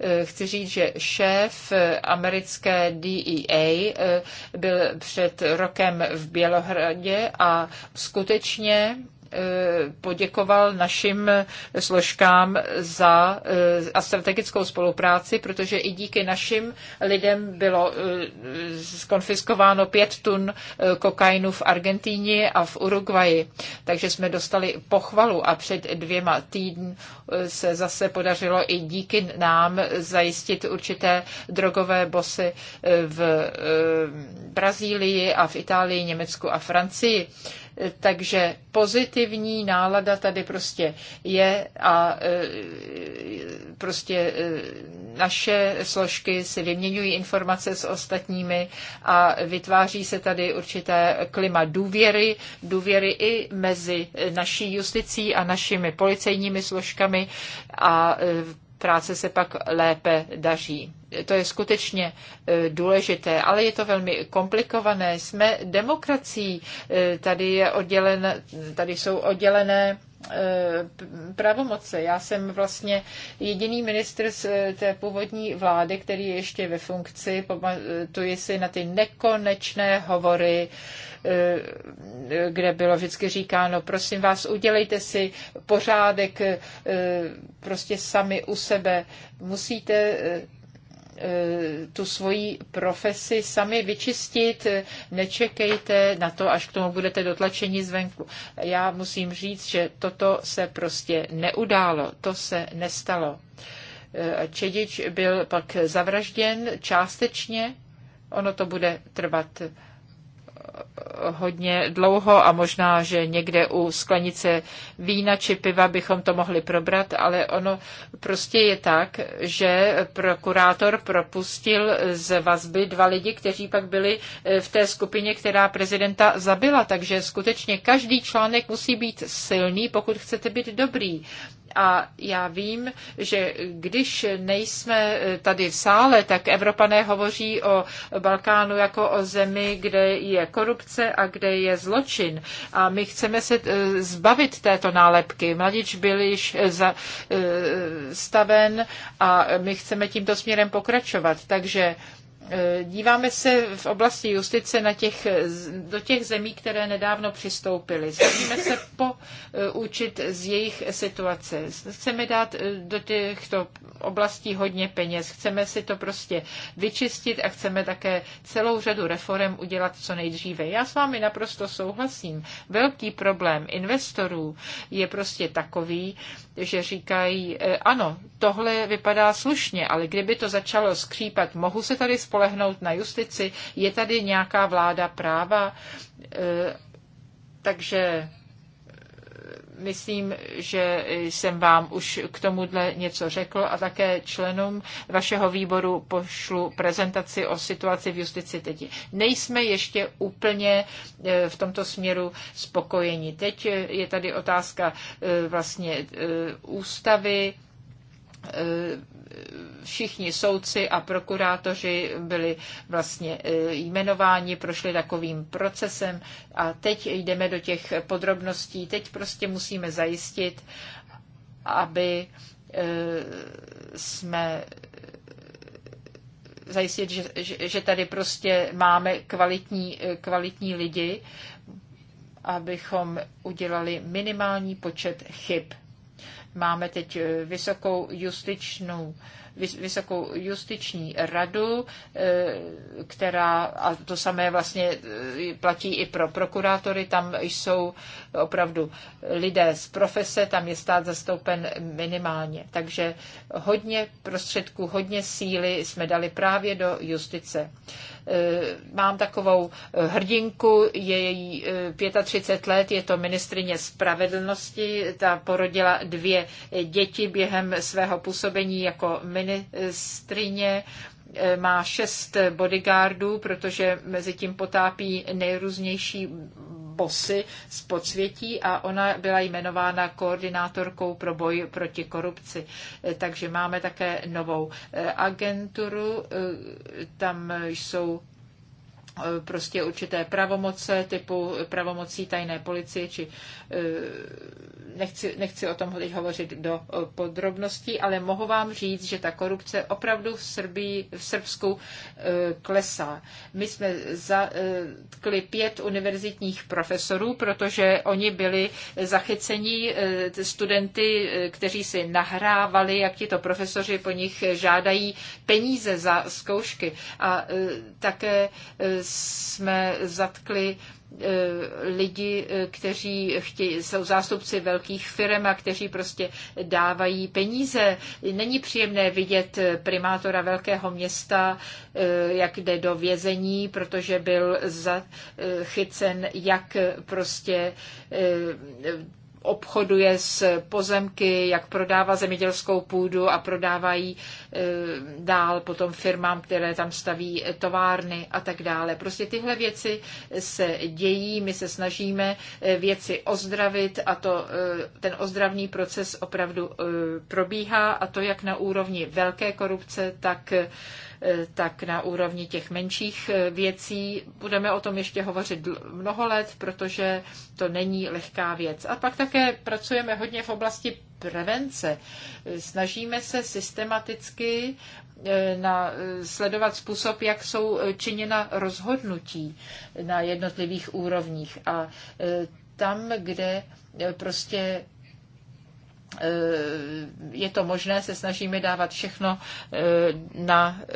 Eh, chci říct, že šéf eh, americké DEA eh, byl před rokem v Bělohradě a skutečně poděkoval našim složkám za eh, a strategickou spolupráci, protože i díky našim lidem bylo skonfiskováno eh, pět tun eh, kokainu v Argentíně a v Uruguayi. Takže jsme dostali pochvalu a před dvěma týdny se zase podařilo i díky nám zajistit určité drogové bosy v Brazílii a v Itálii, Německu a Francii. Takže pozitivní nálada tady prostě je a e, prostě e, naše složky si vyměňují informace s ostatními a vytváří se tady určité klima důvěry, důvěry i mezi naší justicí a našimi policejními složkami a e, práce se pak lépe daří to je skutečně e, důležité, ale je to velmi komplikované. Jsme demokracií, e, tady, je oddělen, tady jsou oddělené e, pravomoce. Já jsem vlastně jediný ministr z té původní vlády, který je ještě ve funkci. Pamatuji si na ty nekonečné hovory, kde bylo vždycky říkáno, prosím vás, udělejte si pořádek prostě sami u sebe. Musíte Eh, tu svoji profesi sami vyčistit, nečekejte na to, až k tomu budete dotlačeni zvenku. Já musím říct, že toto se prostě neudálo, to se nestalo. Eh, Čedič byl pak zavražděn částečně, ono to bude trvat hodně dlouho a možná, že někde u sklenice vína či piva bychom to mohli probrat, ale ono prostě je tak, že prokurátor propustil z vazby dva lidi, kteří pak byli eh, v té skupině, která prezidenta zabila. Takže skutečně každý článek musí být silný, pokud chcete být dobrý. A já vím, že když nejsme tady v sále, tak Evropané hovoří o Balkánu jako o zemi, kde je korupce a kde je zločin. A my chceme se eh, zbavit této nálepky. Mladič byl již eh, eh, staven a my chceme tímto směrem pokračovat. Takže Eh, díváme se v oblasti justice na těch, do těch zemí, které nedávno přistoupily. Snažíme se poučit z jejich situace. Chceme dát eh, do těchto oblastí hodně peněz. Chceme si to prostě vyčistit a chceme také celou řadu reform udělat co nejdříve. Já s vámi naprosto souhlasím. Velký problém investorů je prostě takový, že říkají, eh, ano, tohle vypadá slušně, ale kdyby to začalo skřípat, mohu se tady spolehnout na justici? Je tady nějaká vláda práva? E, takže e, myslím, že jsem vám už k tomuhle něco řekl a také členům vašeho výboru pošlu prezentaci o situaci v justici teď. Nejsme ještě úplně e, v tomto směru spokojeni. Teď je tady otázka vlastně ústavy, Eh, všichni soudci a prokurátoři byli vlastně eh, jmenováni, prošli takovým procesem a teď jdeme do těch podrobností. Teď prostě musíme zajistit, aby eh, jsme zajistit, že, že tady prostě máme kvalitní, kvalitní lidi, abychom udělali minimální počet chyb. Máme teď eh, vysokou justičnou vysokou justiční radu, e, která, a to samé vlastně e, platí i pro prokurátory, tam jsou opravdu lidé z profese, tam je stát zastoupen minimálně. Takže hodně prostředků, hodně síly jsme dali právě do justice. E, mám takovou hrdinku, je její 35 let, je to ministrině spravedlnosti, ta porodila dvě děti během svého působení jako ministr ministrině eh, má šest bodyguardů, protože mezi tím potápí nejrůznější bosy z podsvětí a ona byla jmenována koordinátorkou pro boj proti korupci. Eh, takže máme také novou eh, agenturu, tam jsou E, prostě určité pravomoce typu pravomocí tajné policie, či e, nechci, nechci o tom teď hovořit do e, podrobností, ale mohu vám říct, že ta korupce opravdu v, Srbii, v Srbsku klesá. My jsme zatkli pět univerzitních profesorů, protože oni byli zachyceni studenty, kteří si nahrávali, jak tito profesoři po nich žádají peníze za zkoušky. A také jsme zatkli e, lidi, e, kteří chtějí, jsou zástupci velkých firm a kteří prostě dávají peníze. Není příjemné vidět primátora velkého města, e, jak jde do vězení, protože byl zachycen, jak prostě obchoduje s pozemky, jak prodává zemědělskou půdu a prodávají eh, dál potom firmám, které tam staví továrny a tak dále. Prostě tyhle věci se dějí, my se snažíme eh, věci ozdravit a to, eh, ten ozdravný proces opravdu probíhá a to jak na úrovni velké korupce, tak Eh, tak na úrovni těch menších eh, věcí. Budeme o tom ještě hovořit mnoho let, protože to není lehká věc. A pak také pracujeme hodně v oblasti prevence. Eh, snažíme se systematicky na, sledovat způsob, jak jsou činěna rozhodnutí na jednotlivých úrovních. A tam, kde prostě Eh, je to možné, se snažíme dávat všechno eh, na eh,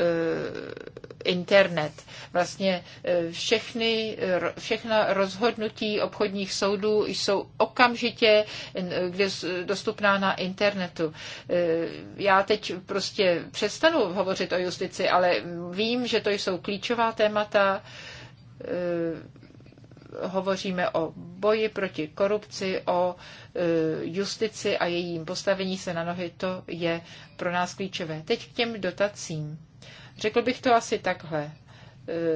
internet. Vlastně všechny, všechna rozhodnutí obchodních soudů jsou okamžitě dostupná na internetu. Já teď prostě přestanu hovořit o justici, ale vím, že to jsou klíčová témata hovoříme o boji proti korupci, o e, justici a jejím postavení se na nohy, to je pro nás klíčové. Teď k těm dotacím. Řekl bych to asi takhle. E,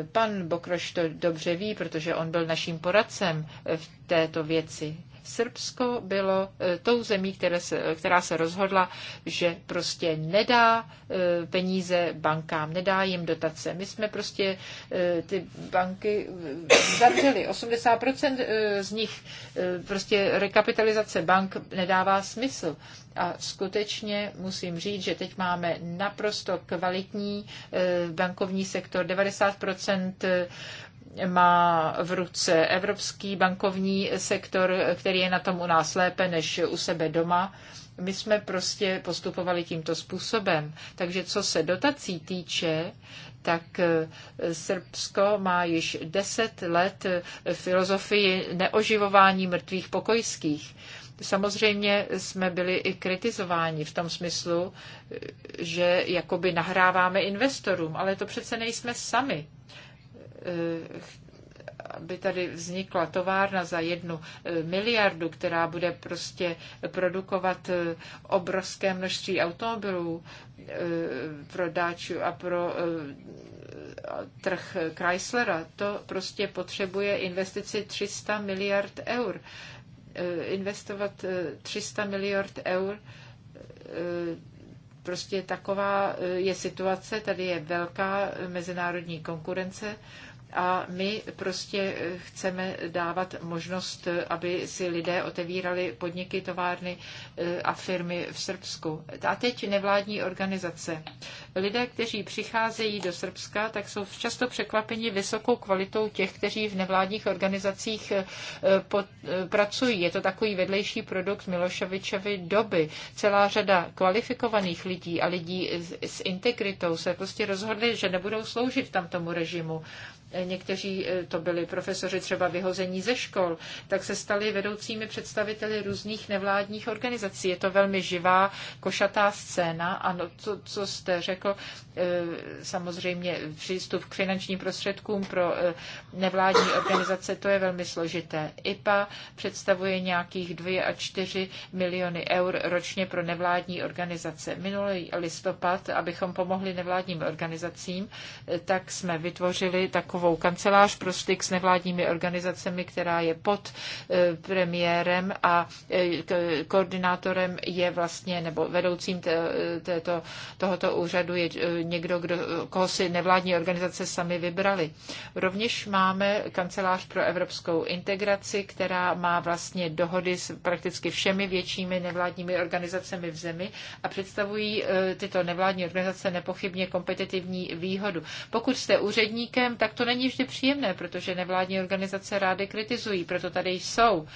pan Bokroš to dobře ví, protože on byl naším poradcem v této věci. Srbsko bylo e, tou zemí, které se, která se rozhodla, že prostě nedá e, peníze bankám, nedá jim dotace. My jsme prostě e, ty banky zavřeli. 80% z nich prostě rekapitalizace bank nedává smysl. A skutečně musím říct, že teď máme naprosto kvalitní bankovní sektor. 90 má v ruce evropský bankovní sektor, který je na tom u nás lépe než u sebe doma. My jsme prostě postupovali tímto způsobem. Takže co se dotací týče, tak eh, Srbsko má již deset let filozofii neoživování mrtvých pokojských. Samozřejmě jsme byli i kritizováni v tom smyslu, že jakoby nahráváme investorům, ale to přece nejsme sami aby tady vznikla továrna za jednu eh, miliardu, která bude prostě produkovat eh, obrovské množství automobilů eh, pro dáču a pro trh Chryslera, to prostě potřebuje investici 300 miliard eur. Investovat 300 miliard eur Prostě taková e, je situace, tady je velká mezinárodní konkurence a my prostě eh, chceme dávat možnost, eh, aby si lidé otevírali podniky, továrny eh, a firmy v Srbsku. A teď nevládní organizace. Lidé, kteří přicházejí do Srbska, tak jsou často překvapeni vysokou kvalitou těch, kteří v nevládních organizacích pod, pracují. Je to takový vedlejší produkt Miloševičovy doby. Celá řada kvalifikovaných lidí a lidí s, s integritou se prostě rozhodli, že nebudou sloužit tam tomu režimu někteří e, to byli profesoři třeba vyhození ze škol, tak se stali vedoucími představiteli různých nevládních organizací. Je to velmi živá, košatá scéna Ano, co, co jste řekl, e, samozřejmě přístup k finančním prostředkům pro e, nevládní organizace, to je velmi složité. IPA představuje nějakých 2 a 4 miliony eur ročně pro nevládní organizace. Minulý listopad, abychom pomohli nevládním organizacím, tak jsme vytvořili takovou takovou kancelář pro styk s nevládními organizacemi, která je pod eh, premiérem a eh, koordinátorem je vlastně, nebo vedoucím eh, této, tohoto úřadu je někdo, kdo, koho si nevládní organizace sami vybrali. Rovněž máme kancelář pro evropskou integraci, která má vlastně dohody s prakticky všemi většími nevládními organizacemi v zemi a představují tyto nevládní organizace nepochybně kompetitivní výhodu. Pokud jste úředníkem, tak to není vždy příjemné, protože nevládní organizace rády kritizují, proto tady jsou.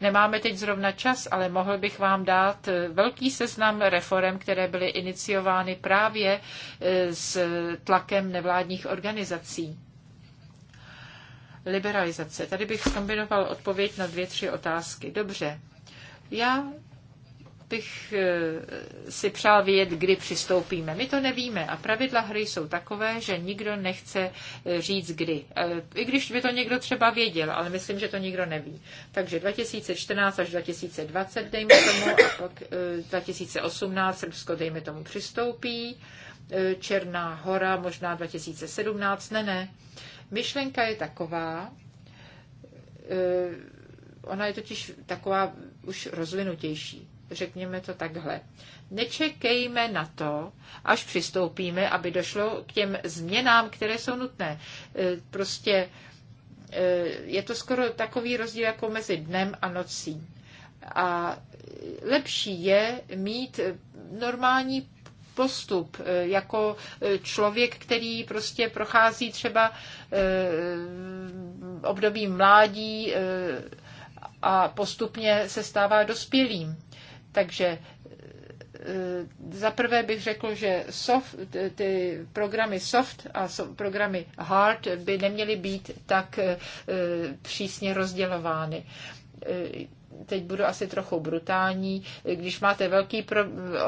Nemáme teď zrovna čas, ale mohl bych vám dát eh, velký seznam reform, které byly iniciovány právě eh, s tlakem nevládních organizací. Liberalizace. Tady bych skombinoval odpověď na dvě, tři otázky. Dobře. Já bych eh, si přál vědět, kdy přistoupíme. My to nevíme a pravidla hry jsou takové, že nikdo nechce eh, říct kdy. Eh, I když by to někdo třeba věděl, ale myslím, že to nikdo neví. Takže 2014 až 2020, dejme tomu, a pak 2018 Srbsko, dejme tomu, přistoupí. Černá hora, možná 2017, ne, ne. Myšlenka je taková, ona je totiž taková už rozvinutější řekněme to takhle. Nečekejme na to, až přistoupíme, aby došlo k těm změnám, které jsou nutné. E, prostě e, je to skoro takový rozdíl jako mezi dnem a nocí. A lepší je mít normální postup, e, jako člověk, který prostě prochází třeba obdobím mládí a postupně se stává dospělým. Takže eh, za prvé bych řekl, že soft, ty programy soft a programy hard by neměly být tak eh, přísně rozdělovány eh, teď budu asi trochu brutální, když máte velký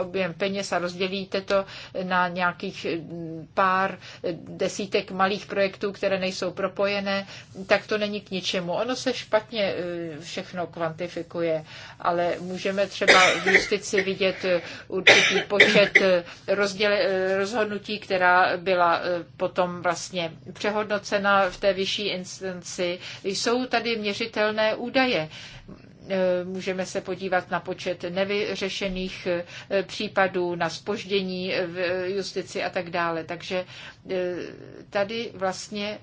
objem peněz a rozdělíte to na nějakých mm, pár desítek malých projektů, které nejsou propojené, tak to není k ničemu. Ono se špatně e, všechno kvantifikuje, ale můžeme třeba v justici vidět e, určitý počet e, rozděle, rozhodnutí, která byla potom vlastně přehodnocena v té vyšší instanci. Jsou tady měřitelné údaje Eh, můžeme se podívat na počet nevyřešených eh, případů, na spoždění eh, v justici a tak dále. Takže tady vlastně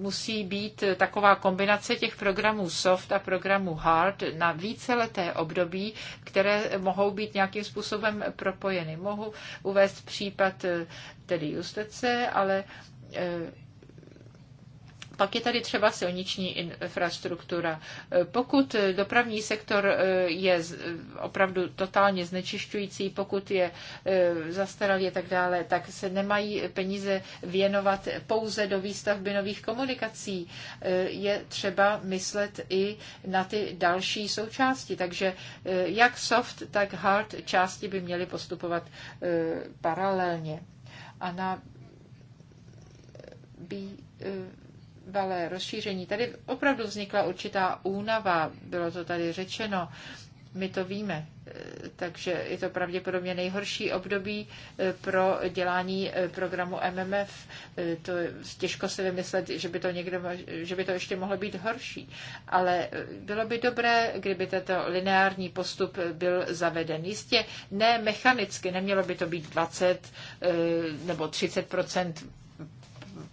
musí být taková kombinace těch programů soft a programů hard na víceleté období, které mohou být nějakým způsobem propojeny. Mohu uvést případ tedy justice, ale pak je tady třeba silniční infrastruktura. E, pokud dopravní sektor e, je e, opravdu totálně znečišťující, pokud je zastaralý a tak dále, tak se nemají peníze věnovat pouze do výstavby nových komunikací. Je třeba myslet i na ty další součásti. Takže jak soft, tak hard části by měly postupovat paralelně. A na by valé rozšíření. Tady opravdu vznikla určitá únava, bylo to tady řečeno, my to víme, e, takže je to pravděpodobně nejhorší období e, pro dělání e, programu MMF. To je těžko si vymyslet, že by to, někdo, že by to ještě mohlo být horší. Ale bylo by dobré, kdyby tento lineární postup byl zaveden. Jistě ne mechanicky, nemělo by to být 20 nebo 30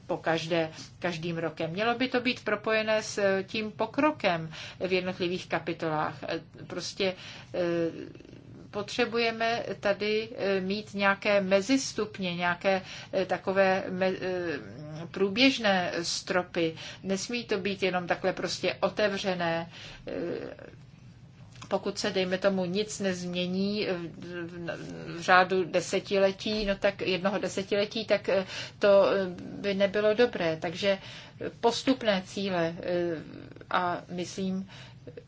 po každé, každým rokem. Mělo by to být propojené s eh, tím pokrokem v jednotlivých kapitolách. Eh, prostě eh, potřebujeme tady mít nějaké mezistupně, nějaké takové me, průběžné stropy. Nesmí to být jenom takhle prostě otevřené pokud se, dejme tomu, nic nezmění v řádu desetiletí, no tak jednoho desetiletí, tak eh, to eh, by nebylo dobré. Takže postupné cíle eh, a myslím,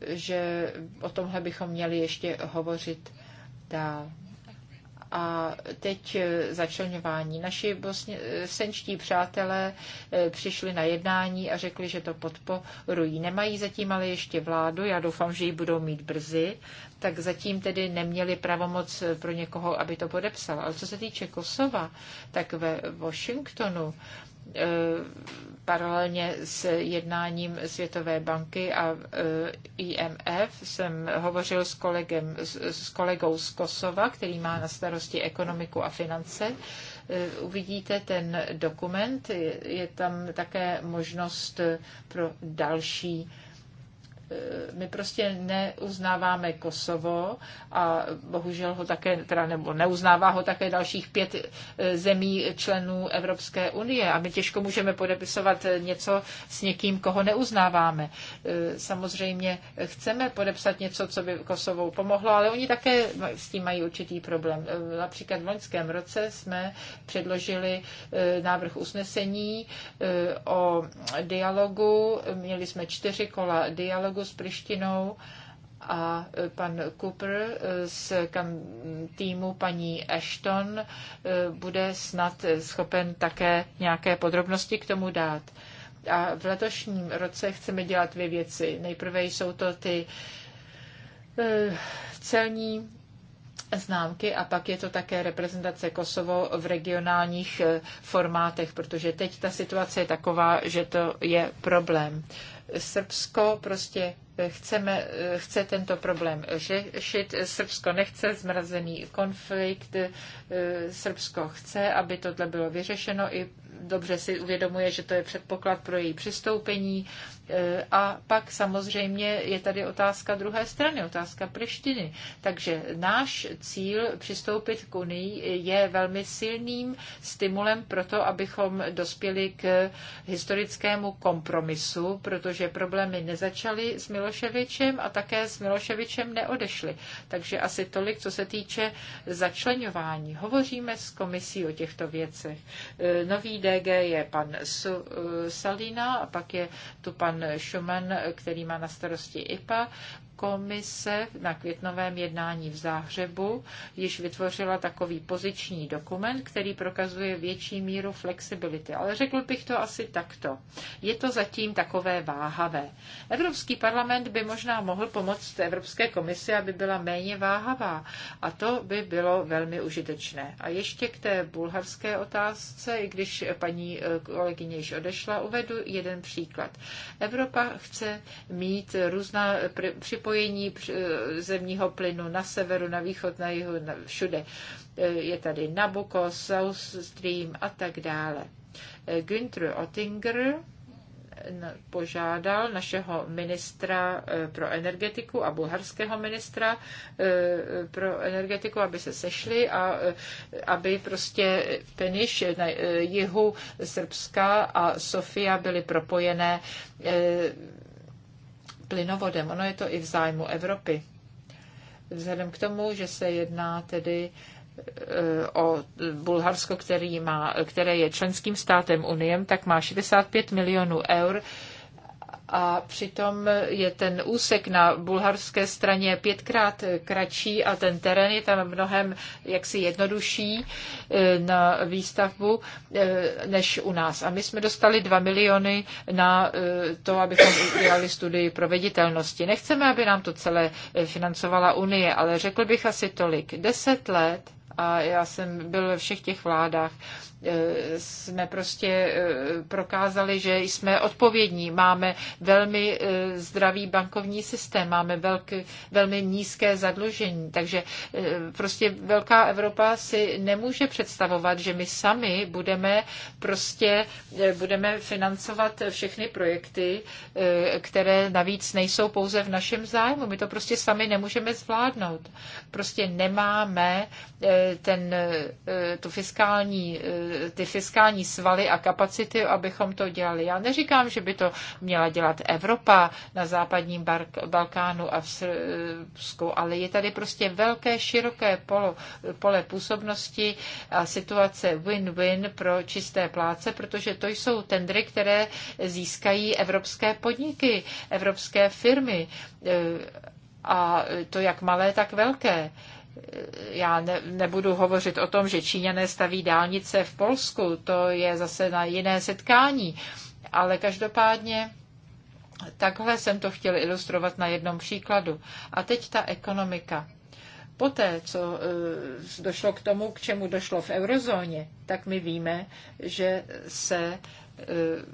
že o tomhle bychom měli ještě hovořit dál a teď eh, začlňování. Naši eh, senčtí přátelé eh, přišli na jednání a řekli, že to podporují. Nemají zatím ale ještě vládu, já doufám, že ji budou mít brzy, tak zatím tedy neměli pravomoc pro někoho, aby to podepsal. Ale co se týče Kosova, tak ve Washingtonu E, paralelně s jednáním Světové banky a e, IMF jsem hovořil s, kolegem, s kolegou z Kosova, který má na starosti ekonomiku a finance. E, uvidíte ten dokument, je tam také možnost pro další Eh, my prostě neuznáváme Kosovo a bohužel ho také, teda nebo neuznává ho také dalších pět eh, zemí členů Evropské unie a my těžko můžeme podepisovat něco s někým, koho neuznáváme. Eh, samozřejmě chceme podepsat něco, co by Kosovo pomohlo, ale oni také s tím mají určitý problém. Například v loňském roce jsme předložili návrh usnesení o dialogu, měli jsme čtyři kola dialogu, dialogu s Prištinou a e, pan Cooper e, z týmu paní Ashton e, bude snad schopen také nějaké podrobnosti k tomu dát. A v letošním roce chceme dělat dvě věci. Nejprve jsou to ty celní známky a pak je to také reprezentace Kosovo v regionálních formátech, protože teď ta situace je taková, že to je problém. Srbsko prostě eh, chceme, eh, chce tento problém řešit. Srbsko nechce zmrazený konflikt. Eh, Srbsko chce, aby tohle bylo vyřešeno i dobře si uvědomuje, že to je předpoklad pro její přistoupení. E, a pak samozřejmě je tady otázka druhé strany, otázka Prištiny. Takže náš cíl přistoupit k Unii je velmi silným stimulem pro to, abychom dospěli k historickému kompromisu, protože problémy nezačaly s Miloševičem a také s Miloševičem neodešly. Takže asi tolik, co se týče začlenování. Hovoříme s komisí o těchto věcech. E, nový DG je pan Salina a pak je tu pan Schumann, který má na starosti IPA. Komise na květnovém jednání v Záhřebu již vytvořila takový poziční dokument, který prokazuje větší míru flexibility. Ale řekl bych to asi takto. Je to zatím takové váhavé. Evropský parlament by možná mohl pomoct Evropské komisi, aby byla méně váhavá. A to by bylo velmi užitečné. A ještě k té bulharské otázce, i když paní eh, kolegyně již odešla, uvedu jeden příklad. Evropa chce mít různá připomínky propojení eh, zemního plynu na severu, na východ, na jihu, na všude. Eh, je tady Nabucco, South Stream a tak dále. Eh, Günther Oettinger požádal našeho ministra pro energetiku a bulharského ministra pro energetiku, aby se sešli a aby prostě Peniš na jihu Srbska a Sofia byly propojené plynovodem. Ono je to i v zájmu Evropy. Vzhledem k tomu, že se jedná tedy eh, o Bulharsko, který má, které je členským státem Uniem, tak má 65 milionů eur a přitom je ten úsek na bulharské straně pětkrát kratší a ten terén je tam mnohem jaksi jednodušší e, na výstavbu e, než u nás. A my jsme dostali 2 miliony na e, to, abychom udělali studii proveditelnosti. Nechceme, aby nám to celé financovala Unie, ale řekl bych asi tolik. Deset let a já jsem byl ve všech těch vládách, Eh, jsme prostě eh, prokázali, že jsme odpovědní. Máme velmi eh, zdravý bankovní systém, máme velký, velmi nízké zadlužení, takže prostě velká Evropa si nemůže představovat, že my sami budeme prostě budeme financovat všechny projekty, které navíc nejsou pouze v našem zájmu. My to prostě sami nemůžeme zvládnout. Prostě nemáme ten, tu fiskální ty fiskální svaly a kapacity, abychom to dělali. Já neříkám, že by to měla dělat Evropa na západním Balkánu a v Srbsku, ale je tady prostě velké, široké polo, pole působnosti a situace win-win pro čisté pláce, protože to jsou tendry, které získají evropské podniky, evropské firmy e, a to jak malé, tak velké já ne, nebudu hovořit o tom, že Číňané staví dálnice v Polsku, to je zase na jiné setkání, ale každopádně takhle jsem to chtěl ilustrovat na jednom příkladu. A teď ta ekonomika. Poté, co eh, došlo k tomu, k čemu došlo v eurozóně, tak my víme, že se eh,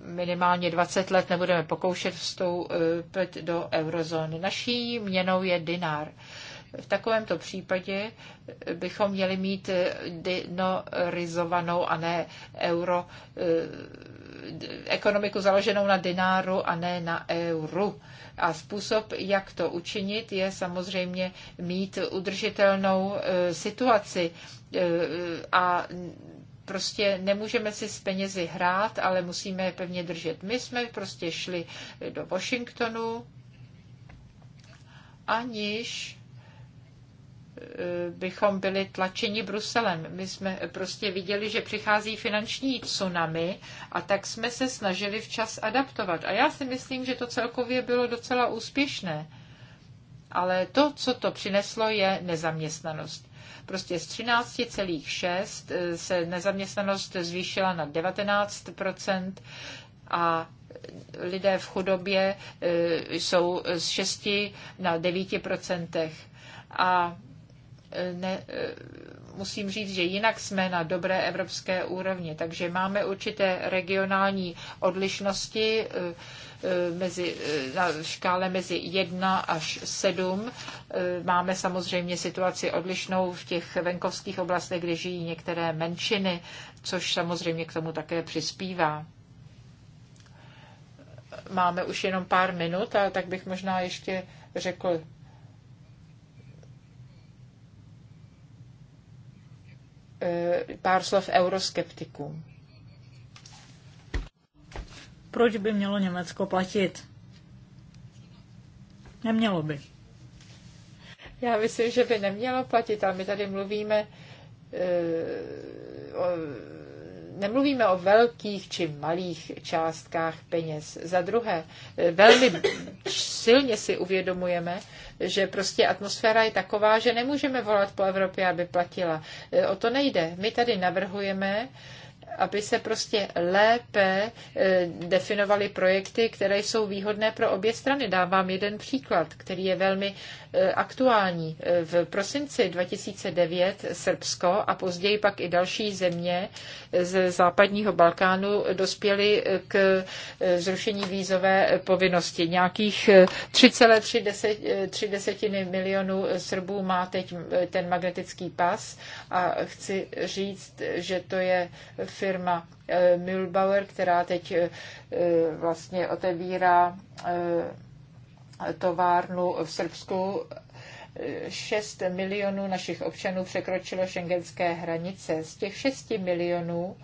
minimálně 20 let nebudeme pokoušet vstoupit do eurozóny. Naší měnou je dinár. V takovémto případě bychom měli mít dinorizovanou a ne euro, eh, ekonomiku založenou na dináru a ne na euru. A způsob, jak to učinit, je samozřejmě mít udržitelnou eh, situaci eh, a prostě nemůžeme si s penězi hrát, ale musíme je pevně držet. My jsme prostě šli do Washingtonu, aniž Eh, bychom byli tlačeni Bruselem. My jsme prostě viděli, že přichází finanční tsunami a tak jsme se snažili včas adaptovat. A já si myslím, že to celkově bylo docela úspěšné. Ale to, co to přineslo, je nezaměstnanost. Prostě z 13,6 eh, se nezaměstnanost zvýšila na 19 a lidé v chudobě eh, jsou z 6 na 9 a ne, eh, musím říct, že jinak jsme na dobré evropské úrovni, takže máme určité regionální odlišnosti eh, eh, mezi, na škále mezi 1 až 7. Máme samozřejmě situaci odlišnou v těch venkovských oblastech, kde žijí některé menšiny, což samozřejmě k tomu také přispívá. Máme už jenom pár minut, a tak bych možná ještě řekl Eh, pár slov euroskeptikům. Proč by mělo Německo platit? Nemělo by. Já myslím, že by nemělo platit, ale my tady mluvíme e, o nemluvíme o velkých či malých částkách peněz. Za druhé, eh, velmi silně si uvědomujeme, že prostě atmosféra je taková, že nemůžeme volat po Evropě, aby platila. Eh, o to nejde. My tady navrhujeme, aby se prostě lépe eh, definovaly projekty, které jsou výhodné pro obě strany. Dám vám jeden příklad, který je velmi eh, aktuální. Eh, v prosinci 2009 Srbsko a později pak i další země z západního Balkánu dospěly k zrušení vízové povinnosti. Nějakých 3,3 milionů Srbů má teď ten magnetický pas a chci říct, že to je firma eh, Mühlbauer, která teď eh, vlastně otevírá eh, továrnu v Srbsku 6 milionů našich občanů překročilo šengenské hranice. Z těch 6 milionů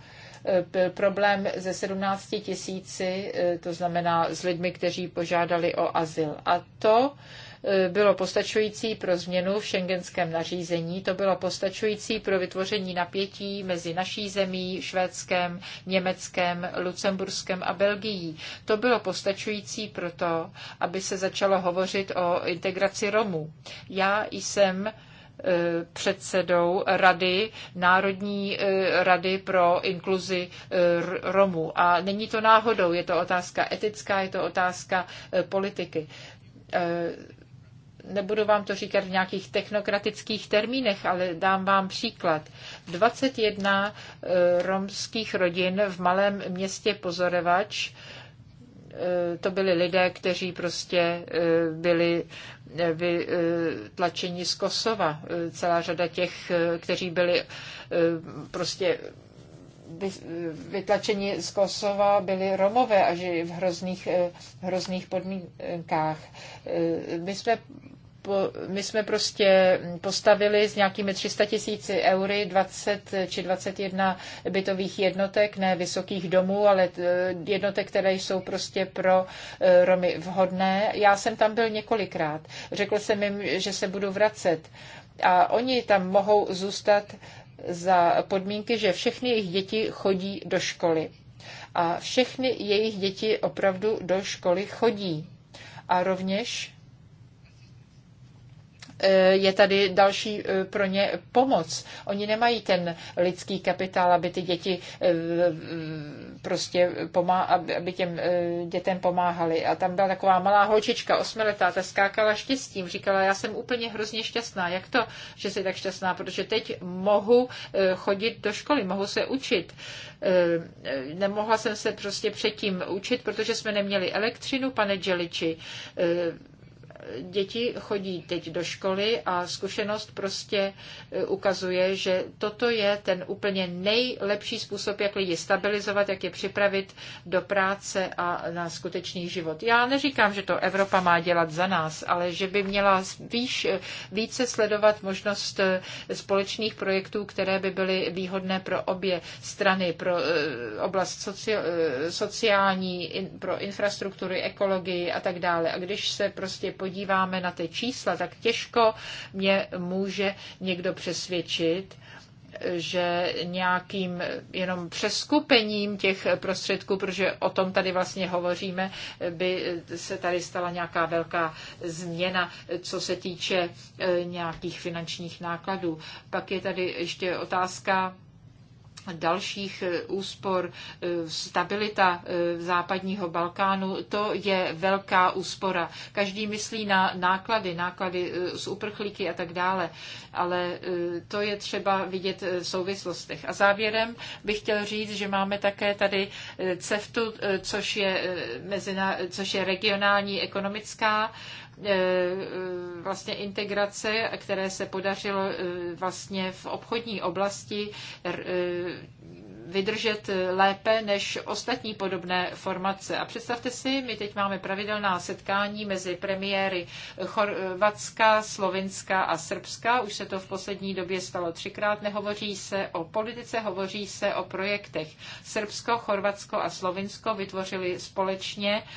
byl problém ze 17 tisíci, to znamená s lidmi, kteří požádali o azyl. A to Eh, bylo postačující pro změnu v šengenském nařízení, to bylo postačující pro vytvoření napětí mezi naší zemí, Švédskem, Německem, Lucemburskem a Belgií. To bylo postačující pro to, aby se začalo hovořit o integraci Romů. Já jsem eh, předsedou Rady, Národní eh, rady pro inkluzi Romů. A není to náhodou, je to otázka etická, je to otázka politiky nebudu vám to říkat v nějakých technokratických termínech, ale dám vám příklad. 21 eh, romských rodin v malém městě Pozorevač eh, to byli lidé, kteří prostě eh, byli vytlačeni z Kosova. Celá řada těch, kteří byli prostě vytlačeni z Kosova byli Romové a žili v hrozných, hrozných podmínkách. My jsme po, my jsme prostě postavili s nějakými 300 tisíci eury 20 či 21 bytových jednotek, ne vysokých domů, ale e, jednotek, které jsou prostě pro e, Romy vhodné. Já jsem tam byl několikrát. Řekl jsem jim, že se budu vracet. A oni tam mohou zůstat za podmínky, že všechny jejich děti chodí do školy. A všechny jejich děti opravdu do školy chodí. A rovněž Eh, je tady další eh, pro ně pomoc. Oni nemají ten lidský kapitál, aby ty děti eh, prostě pomá- aby těm dětem pomáhali. A tam byla taková malá holčička, osmiletá, ta skákala štěstím. Říkala, já jsem úplně hrozně šťastná. Jak to, že jsi tak šťastná? Protože teď mohu chodit do školy, mohu se učit. Nemohla jsem se prostě předtím učit, protože jsme neměli elektřinu, pane Dželiči děti chodí teď do školy a zkušenost prostě e, ukazuje, že toto je ten úplně nejlepší způsob, jak lidi stabilizovat, jak je připravit do práce a na skutečný život. Já neříkám, že to Evropa má dělat za nás, ale že by měla víš, e, více sledovat možnost e, společných projektů, které by byly výhodné pro obě strany, pro oblast sociální, pro infrastruktury, ekologii a tak dále. A když se prostě podíváme, podíváme na ty čísla, tak těžko mě může někdo přesvědčit, že nějakým jenom přeskupením těch prostředků, protože o tom tady vlastně hovoříme, by se tady stala nějaká velká změna, co se týče eh, nějakých finančních nákladů. Pak je tady ještě otázka dalších e, úspor, e, stabilita e, západního Balkánu, to je velká úspora. Každý myslí na náklady, náklady z uprchlíky a tak dále, ale to je třeba vidět v souvislostech. A závěrem bych chtěl říct, že máme také tady CEFTu, což je, mezina, což je regionální ekonomická E, e, vlastně integrace, které se podařilo e, vlastně v obchodní oblasti vydržet lépe než ostatní podobné formace. A představte si, my teď máme pravidelná setkání mezi premiéry Chorvatska, Slovinska a Srbska. Už se to v poslední době stalo třikrát. Nehovoří se o politice, hovoří se o projektech. Srbsko, Chorvatsko a Slovinsko vytvořili společně uh,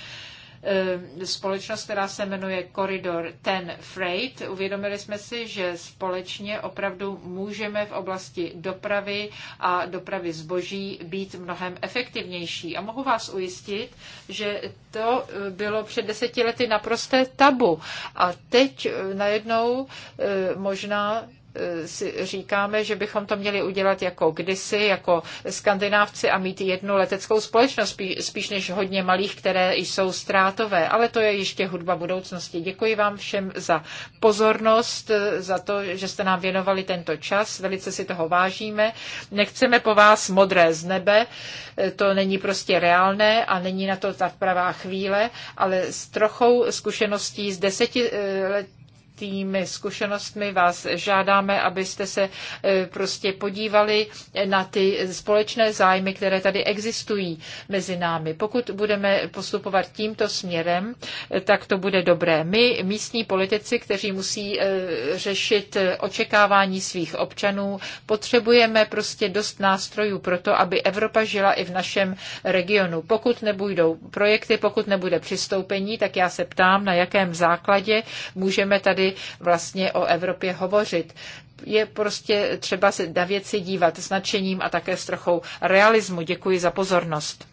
Eh, společnost, která se jmenuje Corridor ten Freight. Uvědomili jsme si, že společně opravdu můžeme v oblasti dopravy a dopravy zboží být mnohem efektivnější. A mohu vás ujistit, že to eh, bylo před deseti lety naprosté tabu. A teď eh, najednou možná Eh, si říkáme, že bychom to měli udělat jako kdysi, jako skandinávci a mít jednu leteckou společnost, spíš, spíš než hodně malých, které jsou ztrátové. Ale to je ještě hudba budoucnosti. Děkuji vám všem za pozornost, eh, za to, že jste nám věnovali tento čas. Velice si toho vážíme. Nechceme po vás modré z nebe. Eh, to není prostě reálné a není na to ta pravá chvíle, ale s trochou zkušeností z deseti let tými zkušenostmi vás žádáme, abyste se e, prostě podívali na ty společné zájmy, které tady existují mezi námi. Pokud budeme postupovat tímto směrem, e, tak to bude dobré. My, místní politici, kteří musí e, řešit očekávání svých občanů, potřebujeme prostě dost nástrojů pro to, aby Evropa žila i v našem regionu. Pokud nebudou projekty, pokud nebude přistoupení, tak já se ptám, na jakém základě můžeme tady vlastně o Evropě hovořit. Je prostě třeba se na věci dívat s nadšením a také s trochou realismu. Děkuji za pozornost.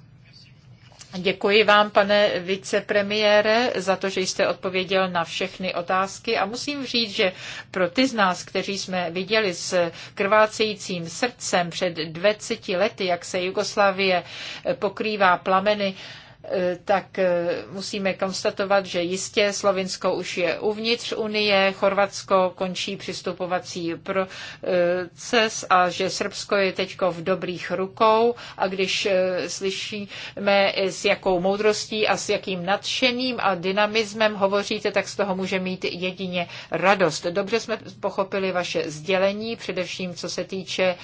Děkuji vám, pane vicepremiére, za to, že jste odpověděl na všechny otázky a musím říct, že pro ty z nás, kteří jsme viděli s krvácejícím srdcem před 20 lety, jak se Jugoslávie pokrývá plameny Eh, tak eh, musíme konstatovat, že jistě Slovinsko už je uvnitř Unie, Chorvatsko končí přistupovací proces eh, a že Srbsko je teď v dobrých rukou a když slyšíme, s jakou moudrostí a s jakým nadšením a dynamismem hovoříte, tak z toho může mít jedině radost. Dobře jsme pochopili vaše sdělení, především co se týče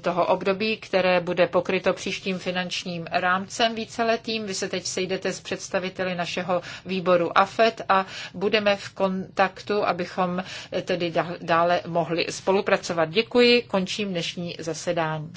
toho období, které bude pokryto příštím finančním rámcem víceletým. Vy vy se teď sejdete s představiteli našeho výboru AFET a budeme v kontaktu, abychom tedy dále mohli spolupracovat. Děkuji, končím dnešní zasedání.